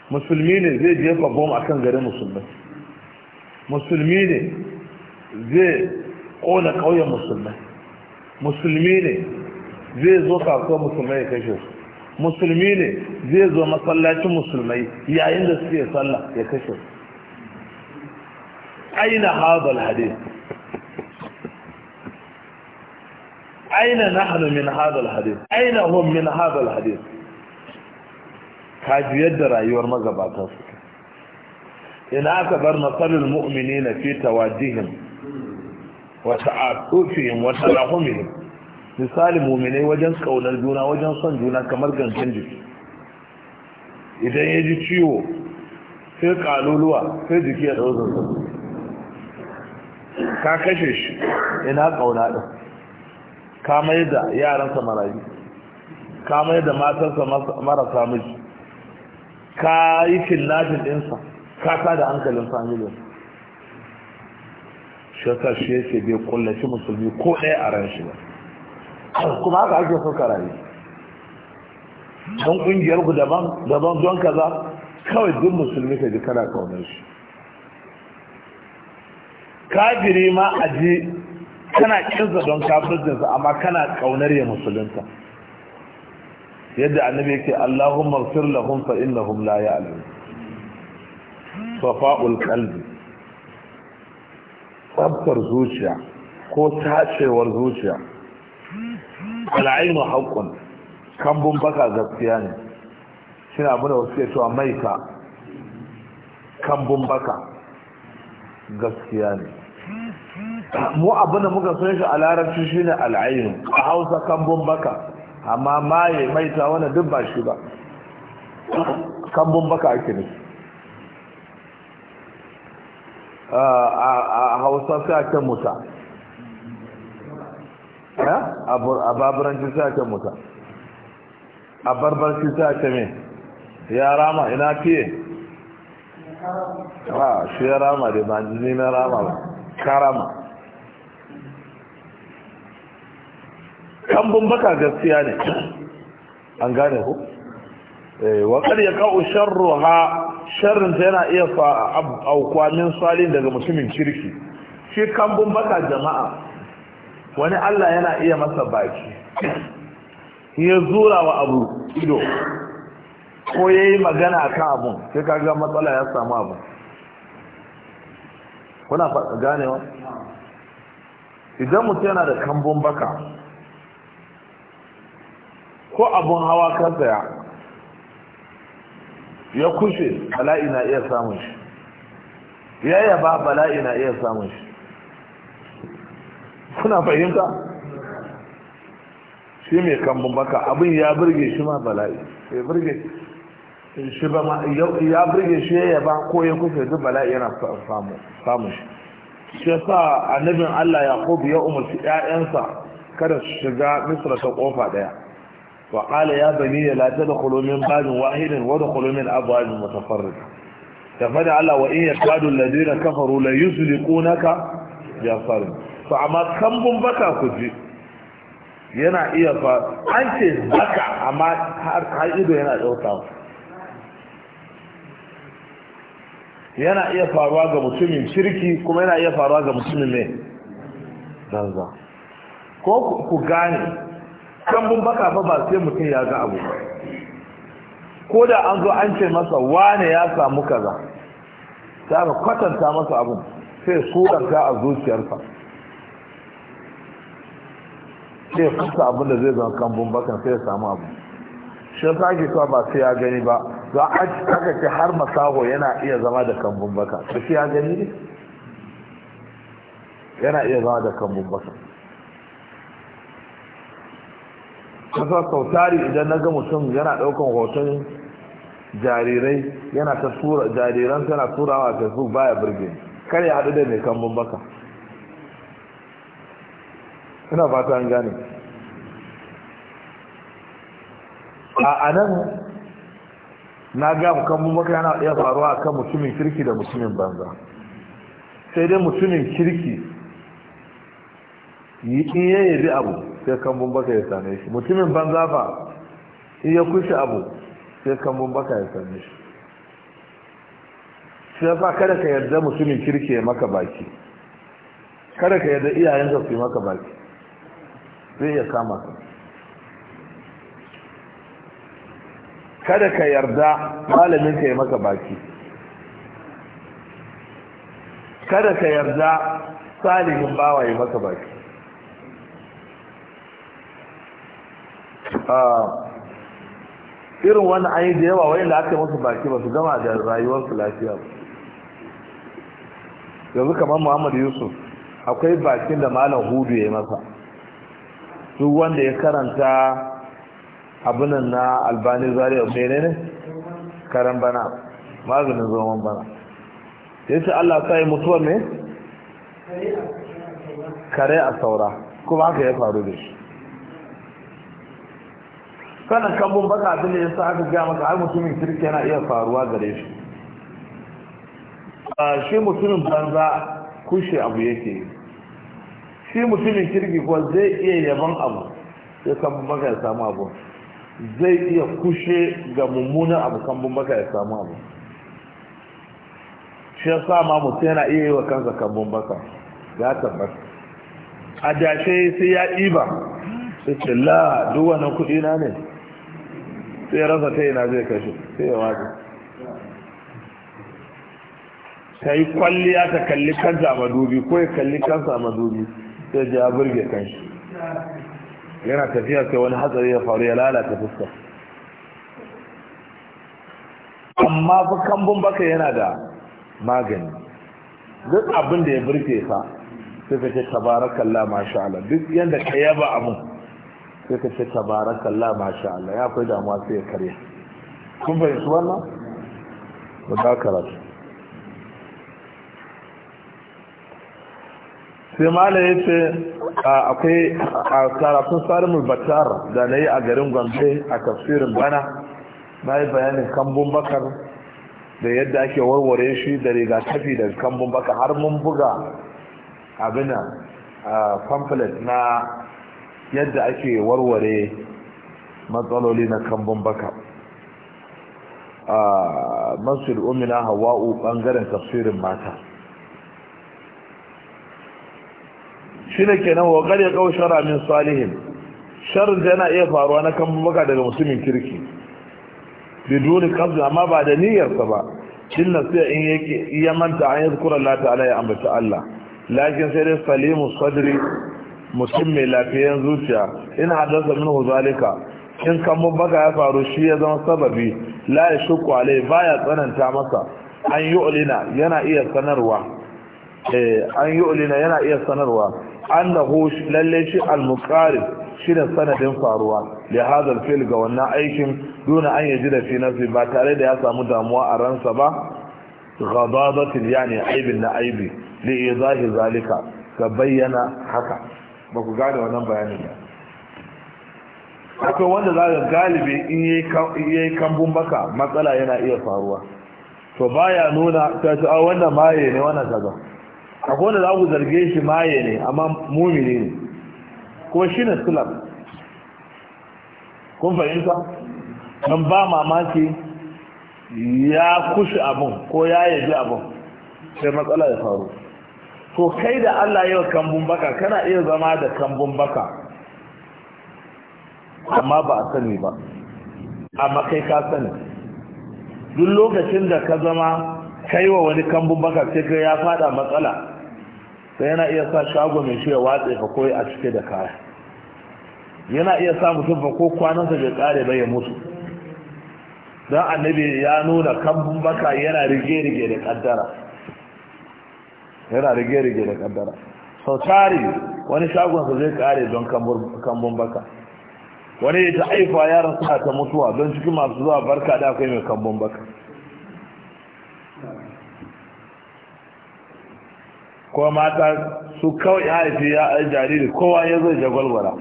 musulmi ne zai jefa bom a kan garin musulmi musulmi ne zai kona ƙauyen musulmai musulmi ne zai zo kasuwar musulmai ya kashe su musulmi ne zai zo masallacin musulmai yayin da suke sallah ya kashe su aina hadal hadith aina nahnu min hadal hadis? aina hum min hadal hadith kaji yadda rayuwar magabatan su ina aka bar masalul mu'minina fi tawajjihim wata atufihim wata rahumihim misali muminai wajen kaunar juna wajen son juna kamar gangan jiki idan ya ji ciwo sai kaluluwa sai jiki ya dauzar ka kashe shi ina kauna din ka mai da yaransa marayu ka mai da matarsa marasa miji ka yi kinnatin ɗinsa ka da hankalin familinsa shi yasa shi yake bai kullaci musulmi ko ɗaya a ran shi ba kuma haka ake so ka rayu don ƙungiyar ku daban don kaza kawai duk musulmi ka ji kana kaunar shi kafiri ma a ji kana kinsa don kafirjinsa amma kana kaunar ya musulunta yadda annabi yake Allahumma ighfir lahum fa innahum laye ya'lamun Fafa’ul kalbi. tsabtar zuciya ko tacewar zuciya al'ainu haƙƙun kambun baka gaskiya ne shi na abu da wasu ke cewa maita kambun baka gaskiya ne mu abu da muka sun shi a larabci shi ne al'ainu a hausa kambun baka amma maye maita wani duk ba shi ba kambun baka ake nufi a hausa sai a can musa eh? a baburanci sai a can musa a barbarci sai a can me ya rama ina fiye a ah, shi ya rama da ba jini na rama ba karama kambun baka gaskiya ne an gane ku wakar ya ka'u ha. sharrin ta yana iya aukuwa min salin daga mutumin kirki shi kambun baka jama'a wani Allah yana iya masa baki ya zura wa abu ido ko ya yi magana a kan abun sai kaga matsala ya samu abu. kuna ganewa idan mutum yana da kambun baka ko abun hawa kan saya ya kushe bala'i na iya samun shi ya yaba bala'i na iya samun shi suna fahimta shi mai kambun baka abin ya birge shi ma bala'i ya birge shi ba ma ya birge shi ya yaba ko ya kushe duk bala'i yana samun shi shi a annabin Allah Yaqub ya umarci 'ya'yansa kada su shiga Misra ta kofa daya وقال يا ya لا تدخلوا من باب واحد wahidin من ابواب متفرقه abwabin الله da يكاد Allah wa in يا alladhina فاما la yuzliqunaka bi to amma kambun baka yana iya fa an ce baka amma har ido yana dauka yana iya faruwa ga mutumin shirki kuma yana iya faruwa ga mutumin mai za. ko ku gane kambun baka fa ba sai mutum ya ga abu ko da an zo an ce masa wane ya samu kaza za ka kwatanta masa abu sai suranta a zuciyarsa sai kusa abin da zai zama kambun bakan sai ya samu abu shi ta ake cewa ba sai ya gani ba za a aka ce har masaho yana iya zama da kambun baka sai ya gani ne yana iya zama da kambun baka kasar sautari idan na ga mutum yana daukan hoton jarirai yana ta tura jariran tana turawa ta facebook baya birge kar ya haɗu da mai kambun baka ina fata an gane a anan na ga mu kambun baka yana iya faruwa akan mutumin kirki da mutumin banza sai dai mutumin kirki yi in yayi abu sai kambun baka ya same shi mutumin banza fa in ya kushe abu sai kambun baka ya same shi sai fa kada ka yarda mutumin kirki ya maka baki kada ka yarda iyayenka su yi maka baki zai iya kama ka kada ka yarda malamin ka ya maka baki kada ka yarda salihin bawa ya maka baki Ah, irin wani an da yawa wani da aka yi masa baki ba su gama da rayuwarsu lafiya yanzu kamar muhammad yusuf akwai bakin da malam hudu ya yi masa duk wanda ya karanta abinan na albani zariya mene ne karan bana maganin zoman bana ya ce allah ta yi mutuwar ne kare a saura kuma haka ya faru da shi kanan kambun baka abin da ya sa aka gaya maka har mutumin kirki yana iya faruwa gare shi ah, shi mutumin banza kushe abu yake shi mutumin kirki kuwa zai iya yaban abu ya kambun baka ya samu abu zai iya kushe ga mummunan abu kambun baka ya samu abu shi ya sa ma mutum yana iya yi wa kansa kambun baka ya tabbata a dashe sai ya ɗiba sai ce la duk wannan kuɗi na ne sai rasa ta yana zai kashe sai ya wata ta yi kwalliya ta kalli kansa a madubi ko ya kalli kansa a madubi sai ji ya burge kanshi yana tafiya sai wani hatsari ya faru ya lalata fuska amma fi kambun baka yana da magani duk abin da ya burge ka sai ka ce tabarakallah masha duk yadda ka yaba abun sai ka ce Allah masha Allah ya akwai damuwa sai ya karya kun fahimci wannan ba sai mala ya ce akwai a karatun tsarin batar da na yi a garin gombe a tafsirin bana na yi bayanin kambun bakar da yadda ake warware shi da rigakafi da kambun bakar har mun buga abinan pamphlet na yadda ake warware matsaloli na kambun baka a masul umina hawa'u ɓangaren tafsirin mata shi ne kenan wa ya kawo shara min salihin sharin da yana iya faruwa na kambun baka daga musulmin kirki biduni kabzi amma ba da niyyarsa ba shin nasiya in yake iya manta an yi zukurar lati ala ya ambata Allah lakin sai dai salimu sadri mutum mai lafiyan zuciya in haddasa minhu zalika in kamun baka ya faru shi ya zama sababi la ya shukku alai baya tsananta masa an yi ulina yana iya sanarwa eh, an yi ulina yana iya sanarwa lalle shi almukari shi da sanadin faruwa da fil ga wannan aikin duna an ji da fi ba tare da ya samu damuwa a ransa ba ya yani aibin na aibi li zahi zalika ka bayyana haka ba ku gane wannan bayanin ba akwai wanda za ga galibi in ya yi kambun baka matsala yana iya faruwa to baya nuna ta ce a ah, wannan maye ne wannan kaza akwai wanda za ku zarge shi maye ne amma mumini ne Ko shi ne sulam kun fahimta don ba mamaki ya kushe abin ko ya yaji abin sai matsala ya faru to kai da Allah yau kambun baka kana iya zama da kambun baka amma ba a sani ba amma kai ka sani duk lokacin da ka zama kai wa wani kambun baka sai ka ya fada matsala sai yana iya sa shago mai shi ya watse ka koyi a cike da kaya yana iya sa mutum ba ko kwanansa bai kare ba ya mutu don annabi ya nuna kambun baka yana rige-rige da kaddara yana rige-rige da kaddara sau tari wani shagonsa zai kare don kambun baka wani ta haifa yaran suna ta mutuwa don cikin masu zuwa barka da akwai mai kambun baka ko mata su kawai haifi ya jariri kowa ya zai jagwalwara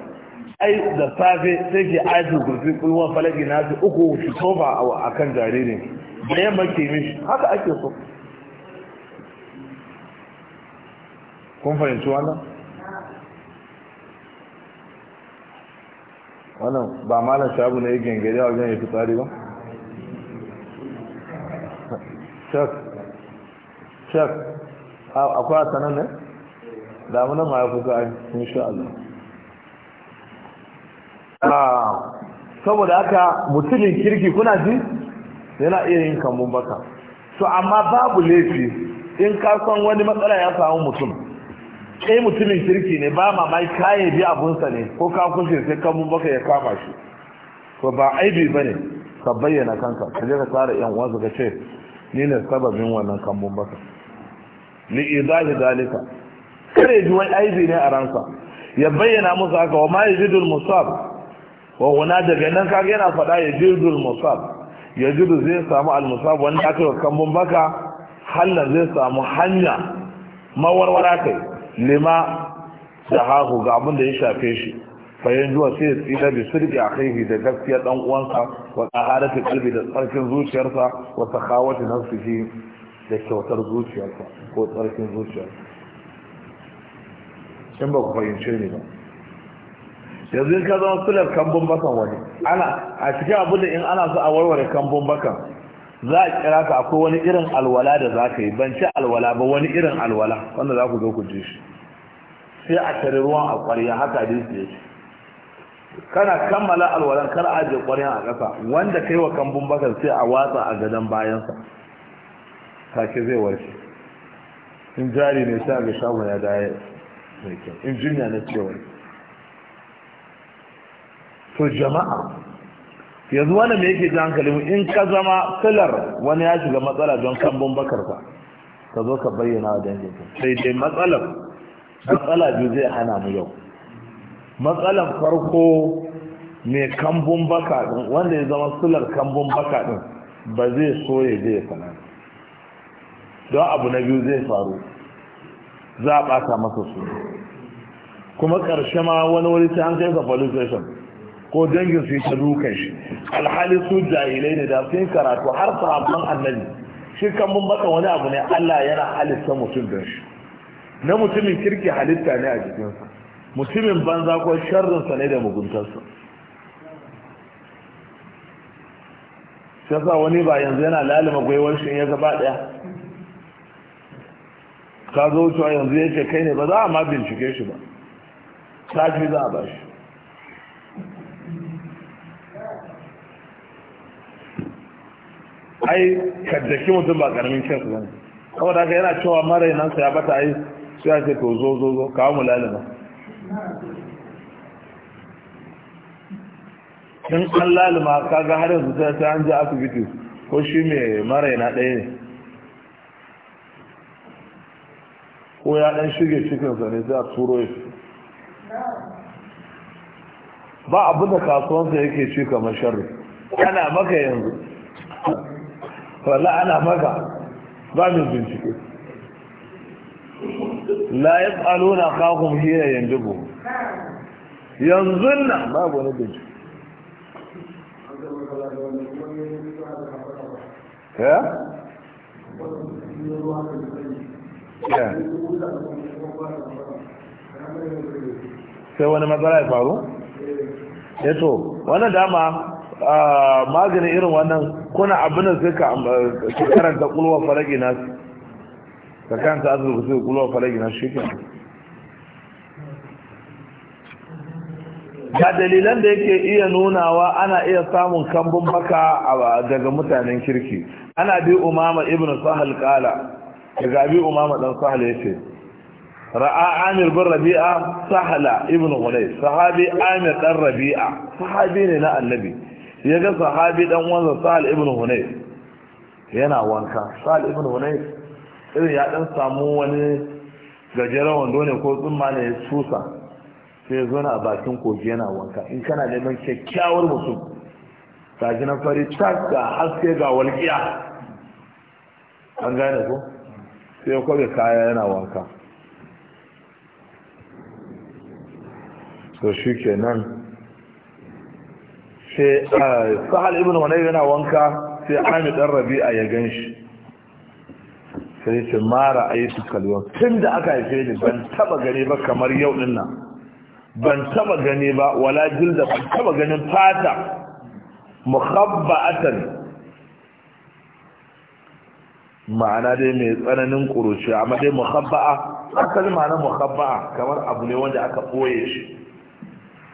ai da safe sai ke aikin kurfi kulwar falaki na su uku su tofa a kan jaririn bayan yamma mishi haka ake so kun fahimci wannan wannan ba malar shabu na yake gari a wajen ya fi tsari ba shak shak akwai a sanar ne damunan ma ya fi tsari insha Allah ah, saboda haka mutumin kirki kuna ji yana iya yin kambun baka to amma babu laifi in ka wani matsala ya samu mutum kai mutumin kirki ne ba mamaki kayan bi abunsa ne ko ka kushe sai mun baka ya kama shi ko ba aibi bane ka bayyana kanka ka je ka tsara yan uwansa ka ce ni ne sababin wannan mun baka ni izahi dalika kare ji wani aibi ne a ransa ya bayyana musu haka wa ma yajidul musab wa huna daga nan kaga yana faɗa yajidul musab yajidu zai samu al musab wanda aka mun baka hallan zai samu hanya mawarwara kai lima da haku ga abin da ya shafe shi bayan zuwa sai ya tsira da sirri a kai da gaskiya dan uwansa wa tsaharati kalbi da tsarkin zuciyarsa wa sakawati nafsihi da kyautar zuciyarsa ko tsarkin zuciyarsa in ba ku fahimce ni ba yanzu ka zama sular kambun bakan wani ana a cikin abin da in ana so a warware kambun bakan za a kira ka akwai wani irin alwala da za ka yi ban ci alwala ba wani irin alwala wanda za ku zo ku ji shi sai a tare ruwan a ƙwarya haka hadisi yake kana kammala alwalan kar a je kwariya a ƙasa wanda kai wa kambun bakar sai a watsa a gadon bayansa take zai warke in jari ne sai a ga shagon ya daya mai kyau in jinya na cewa to jama'a yanzu wani me yake jan hankalin in ka zama filar wani ya shiga matsala don kambun bakarsa ka zo ka bayyana wa danginka sai dai matsalar matsala biyu zai hana mu yau matsalar farko mai kambun baka din wanda ya zama filar kambun baka din ba zai so ya je sana don abu na biyu zai faru za a ɓata masa su kuma ƙarshe ma wani wuri sai an kai ka police station ko dangin su ta dukan shi alhali su jahilai ne da sun karatu har sahabban annabi shi kan mun baka wani abu ne Allah yana halitta mutum da shi na mutumin kirki halitta ne a jikinsa mutumin banza ko sharrinsa ne da muguntarsa shi wani ba yanzu yana lalima gwaiwar shi ya gaba daya ka zo cewa yanzu ya ce kai ne ba za a ma bincike shi ba tashi za a ba shi ai kaddaki mutum ba karamin kes ba ne saboda haka yana cewa marainansa ya bata ai sai ya ce to zo zo zo kawo mu lalima in an lalima kaga har yanzu sai sai an je asibiti ko shi mai maraina ɗaya ne ko ya ɗan shige cikinsa ne za a turo ya ba abu da kasuwansa yake ci kamar sharri Kana maka yanzu wala ana maka ba mai bincike la yas'aluna khahum hina yandubu yanzu nan babu wani bincike ya? ya sai wani matsala ya faru? ya eh to wani dama maganin irin wannan kuna abin sai ka karanta kulwa falagi na ka karanta azurku sai kulwa falagi na shi ga dalilan da yake iya nunawa ana iya samun kambun baka daga mutanen kirki ana bi umama ibn sahal kala daga bi umama dan sahal yace ra'a amir bin rabi'a sahala ibn hunay sahabi amir dan rabi'a sahabi ne na annabi ya ga sahabi dan wansa sa'al ibn hunay yana wanka sa'al ibn hunay irin ya dan samu wani gajeren wando ne ko tsumma ne ya tusa sai ya zona a bakin kogi yana wanka in kana neman kyakkyawar mutum kaji na fari tak ga haske ga walƙiya an gane ko sai ya kwabe kaya yana wanka to shi kenan sai ah, sahal ibn wani yana wanka sai amir dan rabi'a ya ganshi sai ce mara a su kalwa tun da aka haife ni ban taba gani ba kamar yau din ban taba gani ba wala jilda ban taba ganin fata mukhabba'atan ma'ana dai mai tsananin kuruci amma dai muhabba'a. asali ma'ana muhabba'a kamar abu ne wanda aka ɓoye shi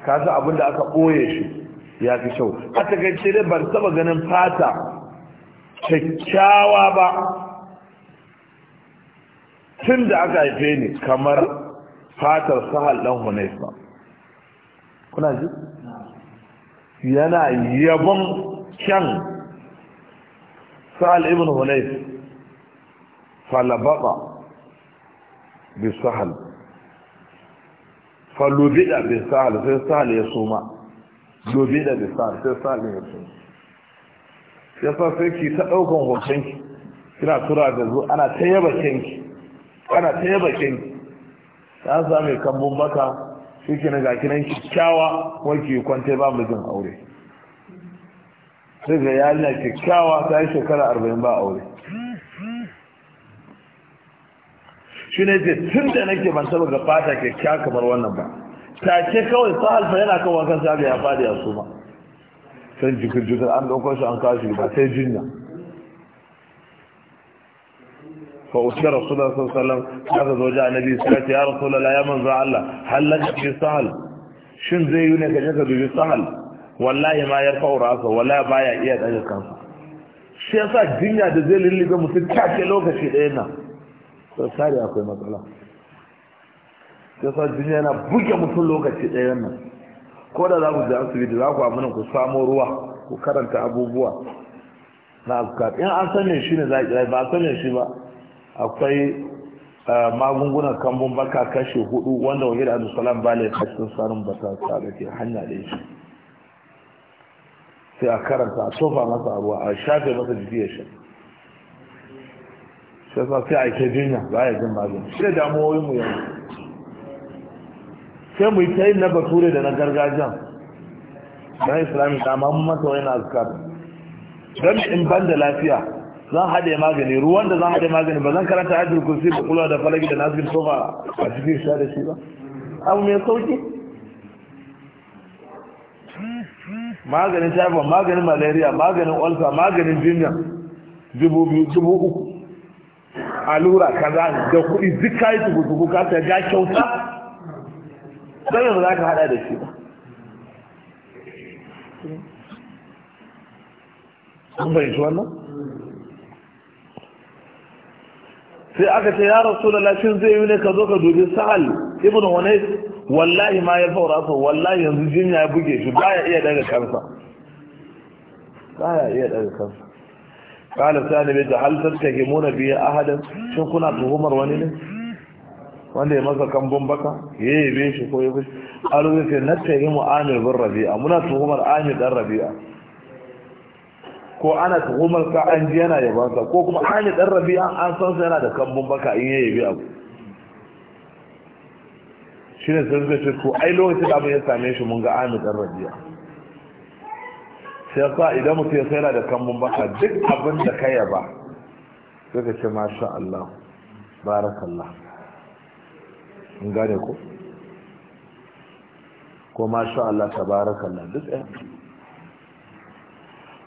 kasa abin da aka ɓoye shi ya fi kyau a takaice dai ban taɓa ganin fata kyakkyawa ba tun da aka haife ni kamar fatar sahal hunais ba. kuna ji yana yabon kyan sahal ibn hunaif falababa bi sahal falubida bi sahal sai sahal ya suma Dobe da bisa sai sa ne ya Ya sa sai ki ta ɗaukan hotonki kina tura da zo ana ta yaba kyanki ana ta yaba kyanki ta za mai kambun baka shi kina ga kinan kyakkyawa wanki kwanta ba mu jin aure sai ga yarinya kyakkyawa ta yi shekara arba'in ba aure shi ne ce tun da nake ban taba ga fata kyakkyawa kamar wannan ba take kawai sahal fa yana kan wakan sabi ya fadi a suma sai jikin jikin an ɗaukar shi an kashi ba sai jinya fa usira rasulullah sallallahu alaihi wasallam aka zo ji annabi sai ya rasulullah ya manzo Allah hallan shi sahal shin zai yi ne ka je ka dubi sahal wallahi ma ya fa'u rasa wala baya iya daga kansa shi yasa jinya da zai lulluɓe mutum take lokaci ɗaya na sai akwai matsala yasa duniya yana buge mutum lokaci ɗayan nan ko da za ku je asibiti za ku amina ku samo ruwa ku karanta abubuwa na azkar in an sanya shi ne za a kira ba a sanya shi ba akwai eh, magungunan kambun baka kashe hudu wanda wani da adusalam ba ne kashin sarin bata ta da ke hanya da shi sai a karanta a tsofa masa ruwa a shafe masa jiki ya shi sai sai a ke jinya a yi jin magani shi da damuwoyin mu yanzu sai mu yi ta yin na bature da na gargajiya na islami ta mamun masa wani na azkar don in ban da lafiya zan haɗe magani ruwan da zan haɗe magani ba zan karanta ajiyar kursi da kula da falagi da nasir sofa a cikin sha da shi ba abu mai sauki maganin typhoid maganin malaria maganin ulcer maganin jinya dubu biyu dubu uku allura kaza da kuɗi duk kayi tukutuku ka ta ga kyauta don yanzu za ka hada da shi ba an fahimci wannan sai aka ce ya rasu da lafin zai yi ne ka zo ka dubi sahal ibn hunayt wallahi ma ya faura sa wallahi yanzu jinya ya buge shi Ba ya iya daga kansa Ba ya iya daga kansa bai ثاني hal هل تتهمون بي ahadan. Shin kuna tuhumar wani ne wanda ya masa kambun baka ya yi be shi ko ya fushi ƙalu zai na ta yi mu amir bin rabi'a muna tuhumar amir dan rabi'a ko ana tuhumar ka an ji yana ya basa ko kuma amir dan rabi'a an san sa yana da kambun baka in ya bi abu shi ne sun zai ko ai lokacin da abin ya same shi mun ga amir dan rabi'a sai sa idan mutum ya sai da kambun baka duk abin da ka yaba sai ka ce masha Allah barakallah in gane ko ko masha Allah tabarakallah duk ɗaya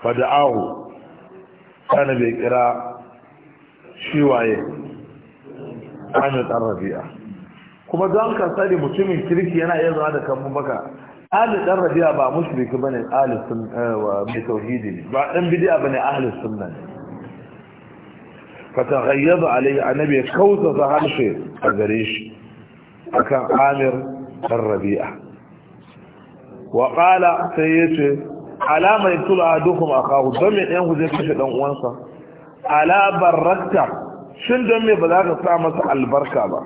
fada'ahu kana bai kira shi waye amir tarbiya kuma don ka sani mutumin kirki yana iya zama da kanmu baka ahli dan rabi'a ba mushriki bane ahli sunna eh, mai tauhidi ne ba dan bid'a bane ahli sunna fa taghayyaba alayhi annabi kausa za harshe a gare shi akan amir dan rabi'a wa qala sai yace alama yatul adukum akahu don me dan ku zai kashe dan uwansa ala barakta shin don me ba za ka sa masa albarka ba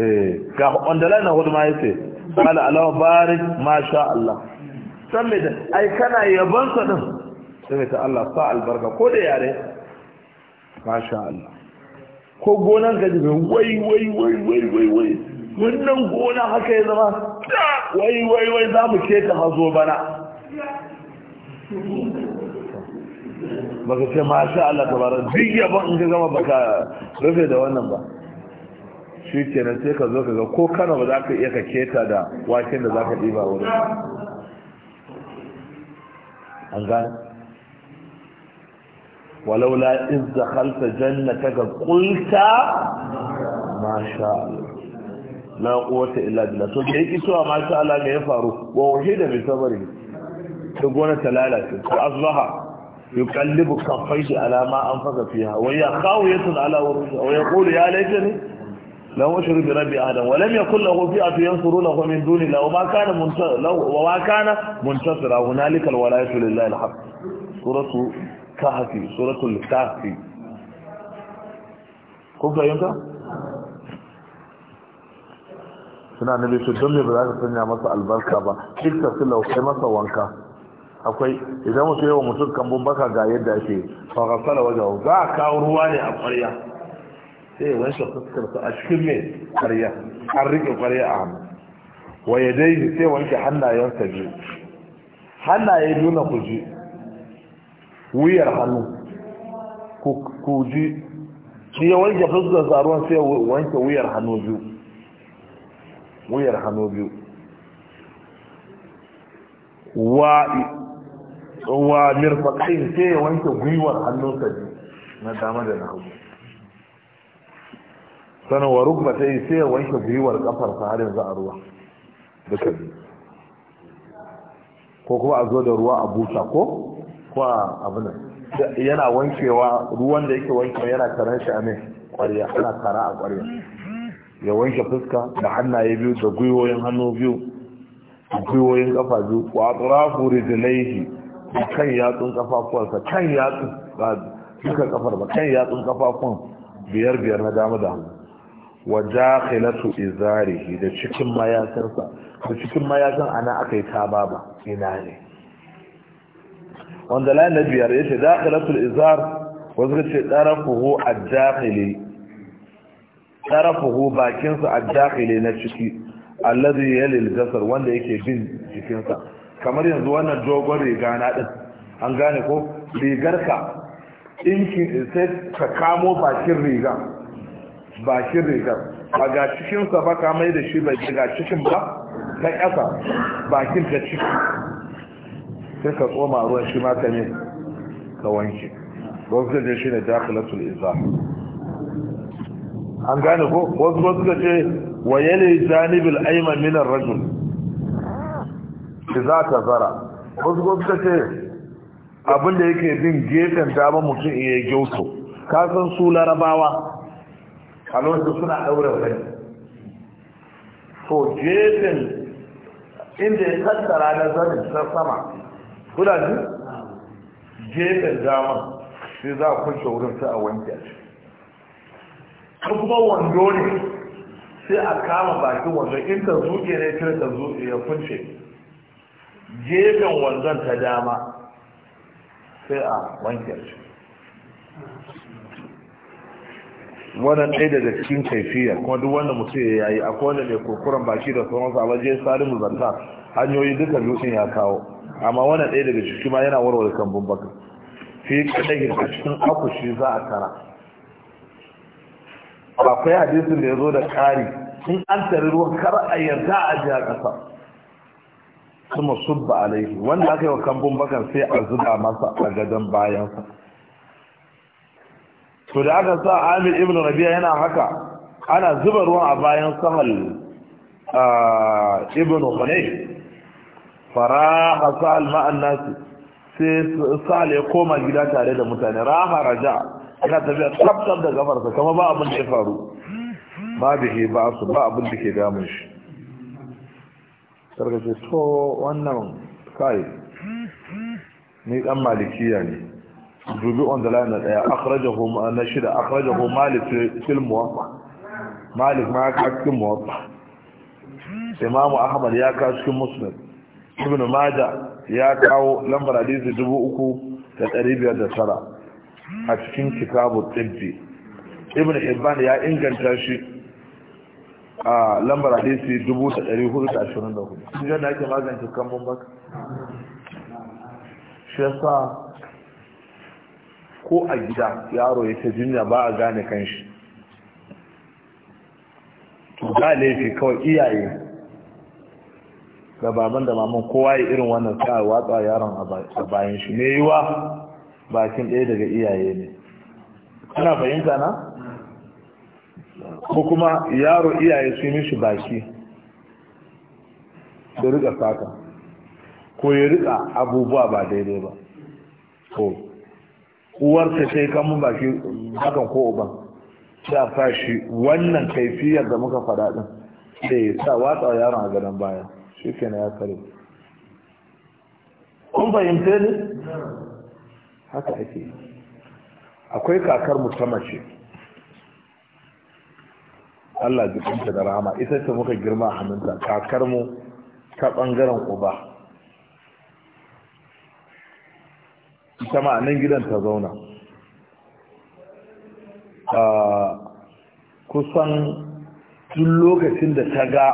eh ga ondala na hudu ma yace qala ala barik ma sha Allah san me da ai kana yabansa din sai ta Allah sa albarka ko da yare ma sha Allah ko gonan ka jibe wai wai wai wai wai wai wannan gona haka ya zama wai wai wai za mu ke ta hazo bana baka ce masu Allah tabarar duk yaban in ka gama baka rufe da wannan ba shi kenan sai ka zo ka ga ko kana ba za ka iya ka keta da waken da za ka ɗiba wani an gane walaula iz jannata ga qulta ma sha la quwwata illa billah to da yake so Allah ya faru wa wahida bi sabri to gona talala ce ko azlaha yuqallibu kaffaihi ala ma anfaqa fiha wa ya khawiyatun ala urushi wa yaqulu ya laitani لم أشرك برب آدم ولم يكن له فئة ينصرونه من دون الله وما كان منتصرا وما كان منتصرا هنالك الولاية لله الحق سورة الكهف سورة الكهف كم في أيامك؟ سنة النبي في الدنيا بلاك سنة عمسة البركة كيف تصل وخيمسة وانكا أخي إذا ما سيئو مصر كان بمبكا قايد داشي فغسل وجهه ذا كاورواني أبقريا إيه وإنشو تذكر أشكرني قريا حرق القريا أعمى ويديه سيئو إيه، إنك حنا ينتجي حنا يدون خجي wuyar hannu ku ji shi ya wanke fuskar sa sai wanke wuyar hannu biyu wuyar hannu biyu wa wa sai ya wanke gwiwar hannunsa biyu na dama da na hagu sanawar rukba ta yi sai ya wanke gwiwar kafarsa har yanzu a ruwa duka biyu ko kuma a zo da ruwa a busa ko ko abin yana wankewa ruwan da yake wankewa yana karan shi a mai kwariya ana kara a kwariya ya wanke fuska da hannaye biyu da gwiwoyin hannu biyu da gwiwoyin kafa biyu wa atrafu rijlaihi kan yatsun kafafuwansa kan yatsun ba duka kafar ba kan yatsun kafafuwan biyar biyar na damu da hannu wa dakhilatu izarihi da cikin mayakansa da cikin mayakan ana akai tababa ina ne wanda layin na biyar ya ce dakilatul izar wasu ce ɗarafuhu a dakile ɗarafuhu bakinsa a dakile na ciki allazi ya lilgasar wanda yake bin jikinsa kamar yanzu wannan dogon riga na ɗin an gane ko rigarka ɗinkin sai ka kamo bakin riga bakin rigar a ga cikinsa ba ka mai da shi bai ga cikin ba ta ƙasa bakin ta ciki sai ka tsoma ruwan shi ma ka ne ka wanke wasu gaje shi ne dakilatul iza an gane ko wasu wasu gaje wa yale janibil aiman minar rajul shi za ta zara wasu wasu gaje abinda yake bin gefen dama mutum iya gyauto kasan su larabawa a lokacin suna daura rai so gefen inda ya tattara na zanin sama kuna ji gefen dama sai za a kunce wurin sai a wanke shi kuma wando ne sai a kama bakin wando in ta zuke ne kira ta zuke ya kunce gefen wandon ta dama sai a wanke shi wannan ɗaya daga cikin kaifiya kuma duk wanda mutum ya yi akwai wanda mai kurkuren baki da sauransu a waje salimu zanta hanyoyi duka biyu ya kawo amma wannan ɗaya daga ciki ma yana warware kambun baka fi kaɗai a cikin akushi za a tara akwai hadisin da ya zo da ƙari in an tari ruwan kar a yarda a ji a ƙasa kuma alaihi wanda aka yi wa kambun bakan sai a zuba masa a gadon bayansa to da aka sa amir ibn rabia yana haka ana zuba ruwan a bayan sahal ah, ibn faraha sa'al ma'an nasi sai sa'al ya koma gida tare da mutane raha raja yana tafiya tsabtar da gafarsa kama ba abin da ya faru ba da ke ba su ba abin da ke damun shi sarkace to wannan kai ni dan malikiya ne dubi on the line na daya akhrajahu na shida Akraja akhrajahu malik fil muwaffa malik ma ka cikin muwaffa imamu ahmad ya ka cikin muslim ibn maja ya kawo lambar hadisi dubu uku da ɗari biyar da tara a cikin kitabu tsibbi ibn Hibban ya inganta shi a lambar hadisi dubu da ɗari hudu da ashirin da hudu shi yadda ake magance kan baka shi yasa ko a gida yaro ya ce jinya ba a gane kan shi to ga laifi kawai iyaye ga baban da maman kowa ya irin wannan sai watsa yaron a bayan shi me yiwa bakin ɗaya daga iyaye ne ana fahimta na ko kuma yaro iyaye su mishi baki da rika fata ko ya rika abubuwa ba daidai ba ko ta sai kamun baki hakan ko uban sai a fashi shi wannan kaifiyar da muka faɗa ɗin sai sa watsa yaron a gadon baya shi ke ya kare kun fahimce ne haka ake akwai kakar mace. Allah jikinta da rahama ita ce muka girma a hannunta kakar mu ta ɓangaren uba ita ma a nan gidan ta zauna kusan tun lokacin da ta ga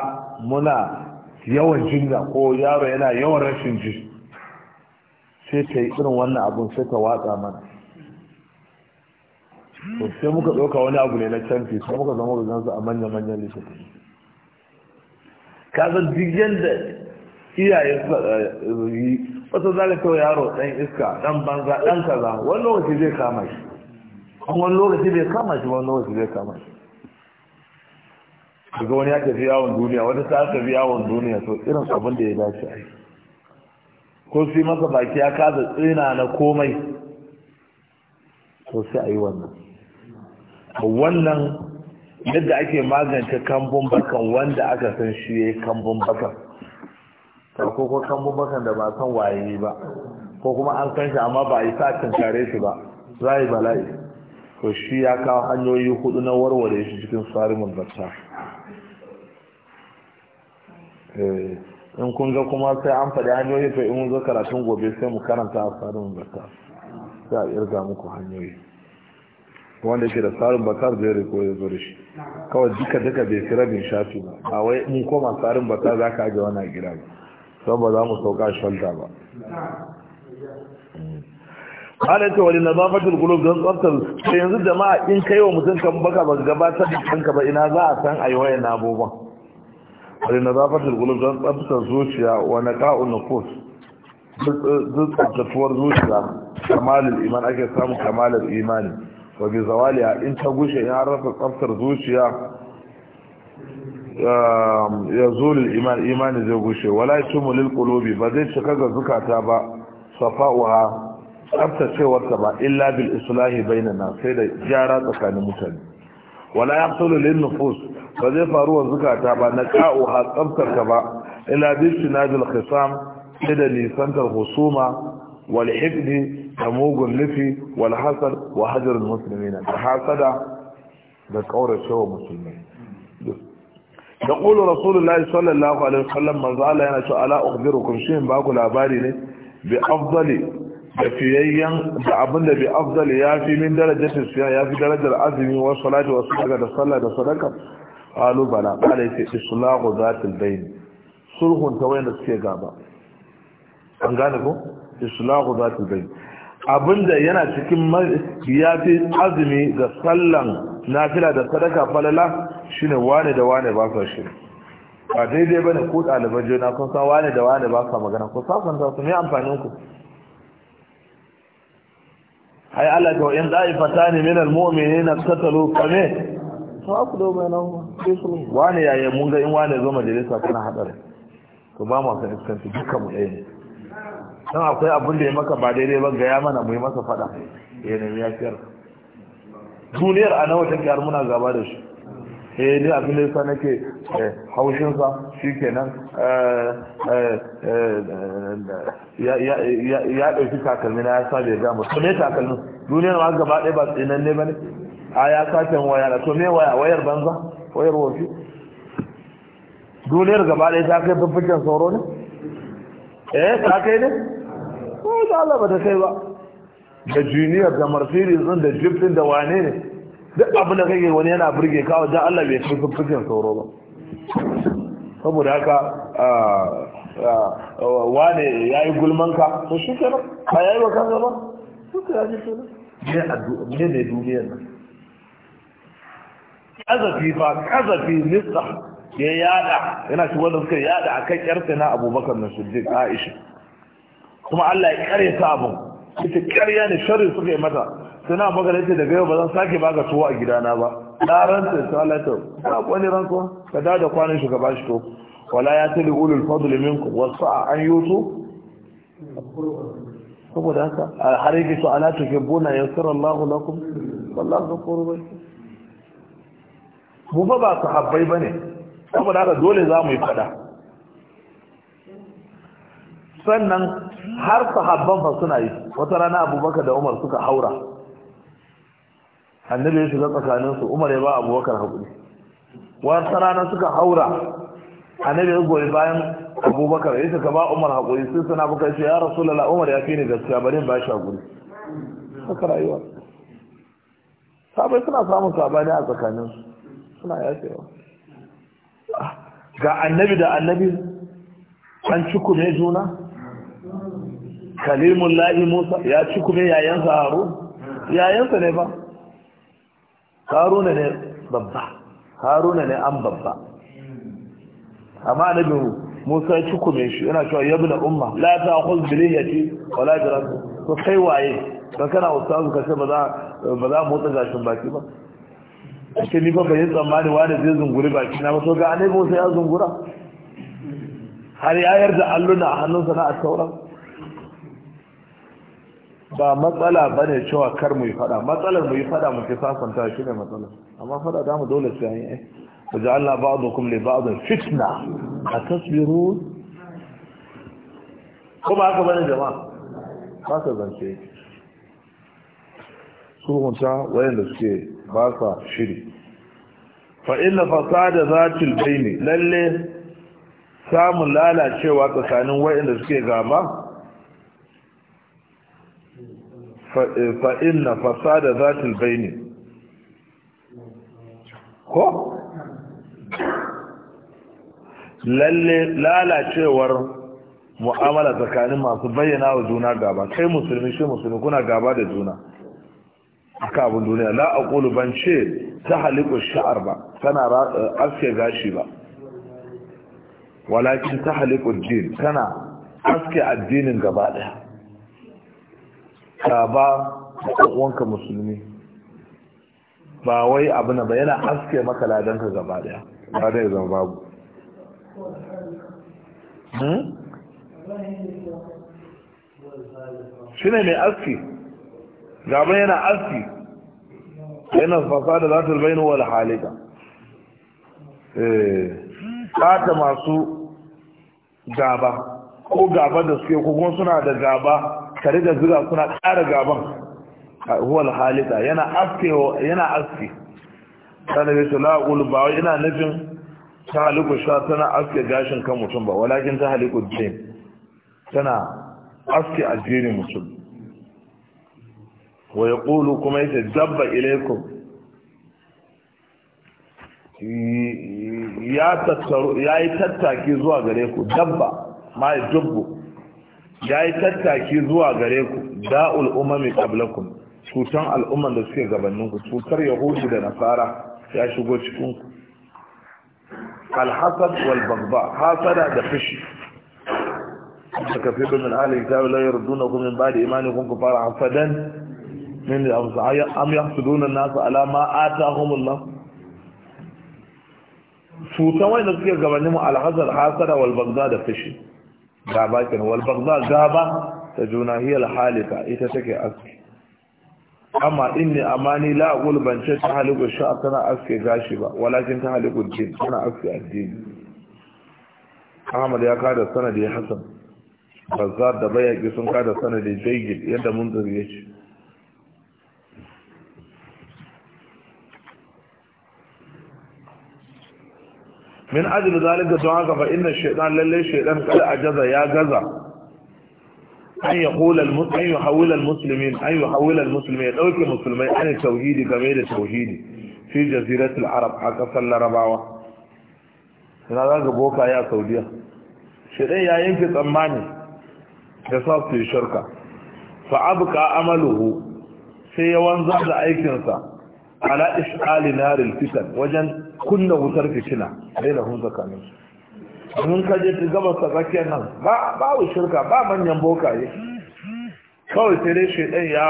muna yawan jinya ko yaro yana yawan rashin ji sai ta yi irin wannan abun sai ta watsa mana to sai muka ɗauka wani abu ne na canfi sai muka zama wajen su a manya-manyan lissafi kasan duk yadda iyaye su eh, yi wasu za ka yaro ɗan iska ɗan banza ɗan kaza wani lokaci zai kama shi wani lokaci zai kama shi wani lokaci zai kama shi daga wani ya tafi yawon duniya wani ta tafi yawon duniya to irin abin da ya dace a yi ko su masa baki ya kaza tsina na komai to sai a yi wannan wannan yadda ake magance kambun bakan wanda aka san shi ya yi kambun bakan ko ko kambun bakan da ba san waye ba ko kuma an san shi amma ba a yi sa tunkare shi ba za yi bala'i to shi ya kawo hanyoyi hudu na warware shi cikin tsarin batta Eh, in kun ga kuma sai an faɗi hanyoyi to in zo karatun gobe sai mu karanta a tsarin bakar sai a irga muku hanyoyi wanda ke da tsarin bakar zai riko ya zo da shi kawai duka duka bai fi rabin shafi ba a wai in koma tsarin bakar za ka ajiye wani gida ba don ba za mu sauka shalta ba eh. ana ce wani nazafatul gulub don tsaftar sai yanzu jama'a in kai wa mutum kan baka ba gabatar da kanka ba ina za a san ayi wayan abubuwan wani na zafatar gulub don tsabtar zuciya wani ka'un nufus duk tsabtatuwar zuciya kamalin iman ake samun kamalin imani wa bi zawaliya in ta gushe in rasa tsabtar zuciya ya zuri iman imani zai gushe wala mu lil qulubi ba zai cika ga zukata ba safa'uha tsabtacewar ta ba illa bil islahi bainana sai da gyara tsakanin mutane wala ya yaqtulu lin nufus ba zai faru wa zukata ba na ka'u ha tsabtarta ba ila bishi na bilkhisam sai da nisantar husuma wal hifdi da mugun nufi wal hasad wa hajar musulmi na da hasada da kaurace wa musulmi da ƙulu rasulullahi sallallahu alaihi wasallam manzo Allah yana cewa ala ukhbirukum shin ba ku labari ne bi afdali da fiyayyen da abin da bi afdal ya fi min darajar tafiya ya fi darajar azumi wa salati wa sadaka da sallah da sadaka qalu bala qala yace islahu zatul bayn sulhun ta wayanda suke gaba an gane ko islahu zatul bayn abinda yana cikin ya azumi ga sallan nafila da sadaka falala shine wane da wane ba sa shi ba daidai bane ko ɗaliban juna kun san wane da wane ba sa magana ko safanta su me amfanin ku ai Allah ta wa'in da'ifata ne min al-mu'minina qatalu kame wani yaya mun ga in wani zo majalisa kana hadari to ba mu san iskanci dukkan mu ɗaya ne dan akwai abin da ya maka ba daidai ba gaya mana mu yi masa fada eh ne ya fiyar duniyar a nawa take har muna gaba da shi eh ni abin da yasa nake eh, haushin sa shi ke nan, eh, eh, ya ɗauki takalmi na ya sa ya ga mu to ne takalmin duniyar ma gaba ɗaya ba tsinan ne ba ne? a ya waya da to me waya wayar banza wayar wofi duniyar gaba ɗaya ta kai fiffiken sauro ne eh ta kai ne ko da Allah ba ta kai ba da junior da mercedes din da jeep din da wane ne duk abin da kake wani yana burge ka wajen Allah bai kai fiffiken sauro ba saboda haka wane yayi ka to shi kenan ba yayi wa kanka ba suka yaji kenan ne addu'a ne duniyar nan kazafi ba kazafi nisa ya yada yana shi wanda suka yada a kan yarsa na abubakar na shiddiq aisha kuma allah ya karya ta abin ita karya ne sharri suka yi mata sai na abubakar yace daga yau ba zan sake baka tuwo a gidana ba na ranta ta allah ta ba kwani rantsuwa ka da da kwanin shi ka bashi to wala ya tali ulul minku wasu a an yutu saboda haka har yake so ala tuhibbuna yansara allah lakum wallahu ghafurur rahim mu fa ba sahabbai bane saboda haka dole za mu yi fada sannan har su habban fa suna yi wata rana abubakar da umar suka haura annabi ya shiga tsakaninsu umar ya ba abubakar haƙuri wata rana suka haura annabi ya goyi bayan abubakar ya suka ba umar haƙuri sun suna buka shi ya rasu lala umar ya fi ni gaskiya bari ba shi haƙuri haka rayuwa sabai suna samun sabani a tsakaninsu suna yafewa ga annabi da annabi an ci kume juna kalimun la'i musa ya ci kume yayansa haru yayansa ne ba haruna ne babba haruna ne an babba amma annabi musa ya ci kume shi yana cewa yabi na umma la ta akwai ya wa wala jiragen su kai waye ba kana wasu ka ce ba za a motsa gashin baki ba ake ni fa bai tsammani wani zai zunguri baki na maso ga anai sai ya zungura har ya yarda alluna a hannunsa na attaura ba matsala ba ne cewa kar mu yi fada matsalar mu yi fada mu ke sasanta shi ne matsalar amma fada da mu dole sai an yi ba ji Allah ba da kuma ba da fitna a tasbiru ko ba haka bane jama'a ba ka zance su hunta wayanda suke ba sa shiri fa'ila fasada za tilbaini lalle samun lalacewa tsakanin wa'inda suke gaba fa'ila eh, fasada za tilbaini ko? lalle lalacewar mu'amala tsakanin masu bayyana wa juna gaba kai musulmi shi musulmi kuna gaba da juna aka abin duniya la aqulu ban ce ta haliku sha'ar ba tana eh, aske gashi ba walakin ta haliku din tana aske addinin gaba daya ka ba wanka musulmi ba wai abu na ba yana aske maka ladanka gaba daya ba da ya zama babu hmm? shi ne mai aski gaba yana aski yana fasada za ta bayyana wal halika eh, ɓata masu gaba ko gaba da suke ko kuma suna da gaba tare da zuga suna ƙara gaban huwal halita yana aski. yana aski tana da su la'ul ba wai nufin ta haliku sha tana aske gashin kan mutum ba walakin ta haliku jin tana aske jini mutum wa ya ƙulu kuma yake dabba ilaikum ya yi tattaki zuwa gare ku dabba ma ya dubbu ya yi tattaki zuwa gare ku da'ul umami qablakum cutan al'ummar da suke gabaninku cutar yahudu da nasara ya shigo cikinku alhasad wal bagba hasada da fishi da kafin min alin ta la yarduna kum min ba'di imanikum kufara hasadan min da amsa am yahsuduna nasu ala ma atahumullah cutan wanda suke gabanin mu alhazar hasada wal bagza da fashi gaba kin wal bagza gaba ta juna hiyal halika ita take aske. amma inni amani la aqul ban ce ta haliku sha tana aske gashi ba walakin ta haliku din tana aske addini Ahmad ya kada sanadi Hassan Bazzar da Bayaki sun kada sanadi Jayyid yadda mun zuri ce. min ajli zalika don haka fa inna shaytan lalle shaytan kada ajaza ya gaza an yi al muslim yuhawil al muslimin ay yuhawil al musulmai an tauhidi game da tauhidi fi jaziratul arab a sallar larabawa. ina za ga boka ya saudiya shaytan ya yanke tsammani da sa su shirka fa abqa amaluhu sai ya wanzar da aikinsa ala ish'ali naril fitan wajen kunna wutar fitina baina hun zakanin mun kaje ta gaba tsakiyar nan ba wa shirka ba manyan bokaye kawai sai dai shedan ya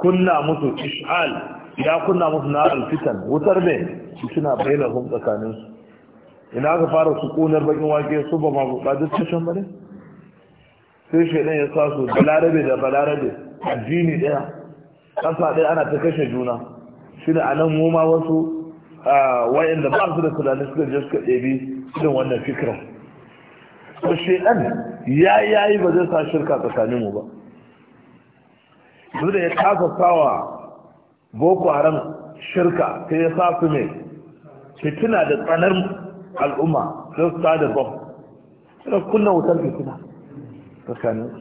kunna musu ish'al ya kunna musu naril fitan wutar ne fitina baina hun zakanin ina ka fara su kunar bakin wake su ba ma buƙatar tashin bane sai shedan ya sa su balarabe da balarabe addini daya ƙasa ɗaya ana ta kashe juna shi da anan mu ma wasu wayanda ba su da tunanin suka je suka ɗebi irin wannan fikirar to shedan ya yayi ba zai sa shirka tsakanin mu ba duk da ya kasa sawa boko haram shirka sai ya sa su ne fitina da tsanar al'umma sai su da bom sai kunna wutar fitina tsakanin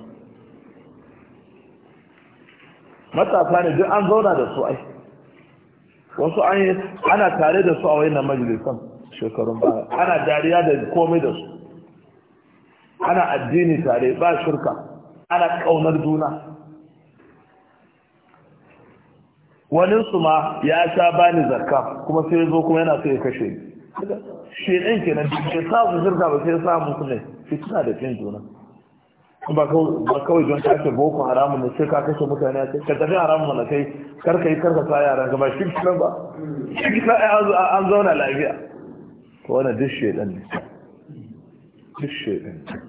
matasa ne duk an zauna da su ai wasu ana tare da su a wayannan majalisan shekarun baya ana dariya da komai da su ana addini tare ba shirka ana kaunar juna wani su ma ya sha ni zakka kuma sai ya zo kuma yana sai ya kashe shi ɗin kenan ke samun su ba sai ya samu ne fitina da fin juna ba kawai don kashe boko haramun da sai ka kashe mutane a ka tafi haramun da kai karka yi karka sa yaran ka ba shi kisan ba shi kisan an zauna lafiya to wani duk shaidan ne duk shaidan ne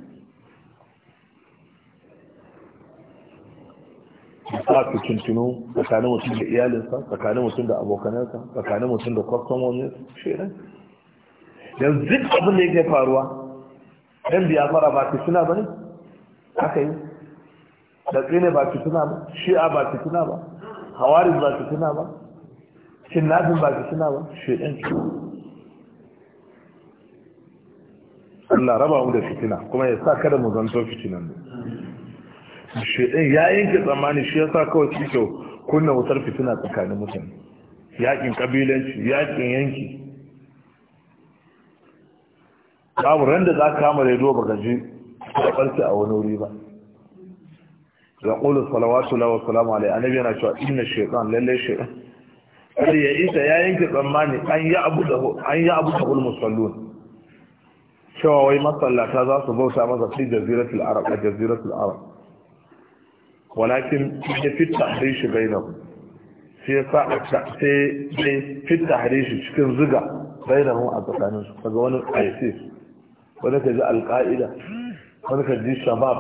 sa tuntunu tsakanin mutum da iyalinsa tsakanin mutum da abokanansa tsakanin mutum da kwastomomin shaidan yanzu duk abin da yake faruwa yan biya fara ba suna ba ne aka yi datsi ne ba fitina ba shi'a ba fitina ba hawaris ba fitina ba kinnafin ba fitina ba shi'in Allah raba mu da fitina kuma ya sa kada mu zanto fitinan ne shi'in ya yanke tsammani shi ya sa kawai cikin kunna wutar fitina tsakanin mutane yakin kabilanci yakin yanki babu randa za ka kama rediyo ba gaji. ya barke a wani wuri ba ya qulu salawatu lahu wa salamu alayhi annabi yana cewa inna shaytan lalle shaytan sai ya isa ya yanke tsammani an ya abu da an ya abu da musallun cewa wai masallata za su bauta masa fi jaziratul arab a jaziratul arab walakin ya fitta dai shi bainahu sai sa sai sai fitta hare shi cikin zuga bainahu a tsakaninsu kaga wani ISIS wani kaji al-Qaida wani ka ji shabab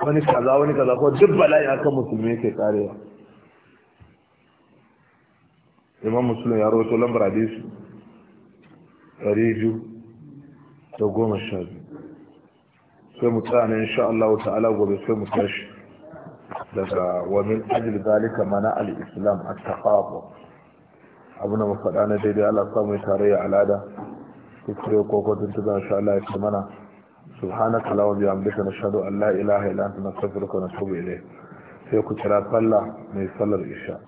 wani kaza wani kaza ko duk bala'i a kan musulmi yake karewa imam musulun ya rawato lambar hadisi ɗari biyu da goma sha biyu sai mu tsana ne insha Allah ta'ala gobe sai mu tashi daga wani min ajil zalika mana al-islam at abu abuna mafaɗa na daidai ala samu tarayya alada kuskure ko ko tuntuna insha Allah ya mana subhanaka la wa na shado an la ilaha illa anta nastaghfiruka wa natubu ilayk sai ku kira sallah mai sallar isha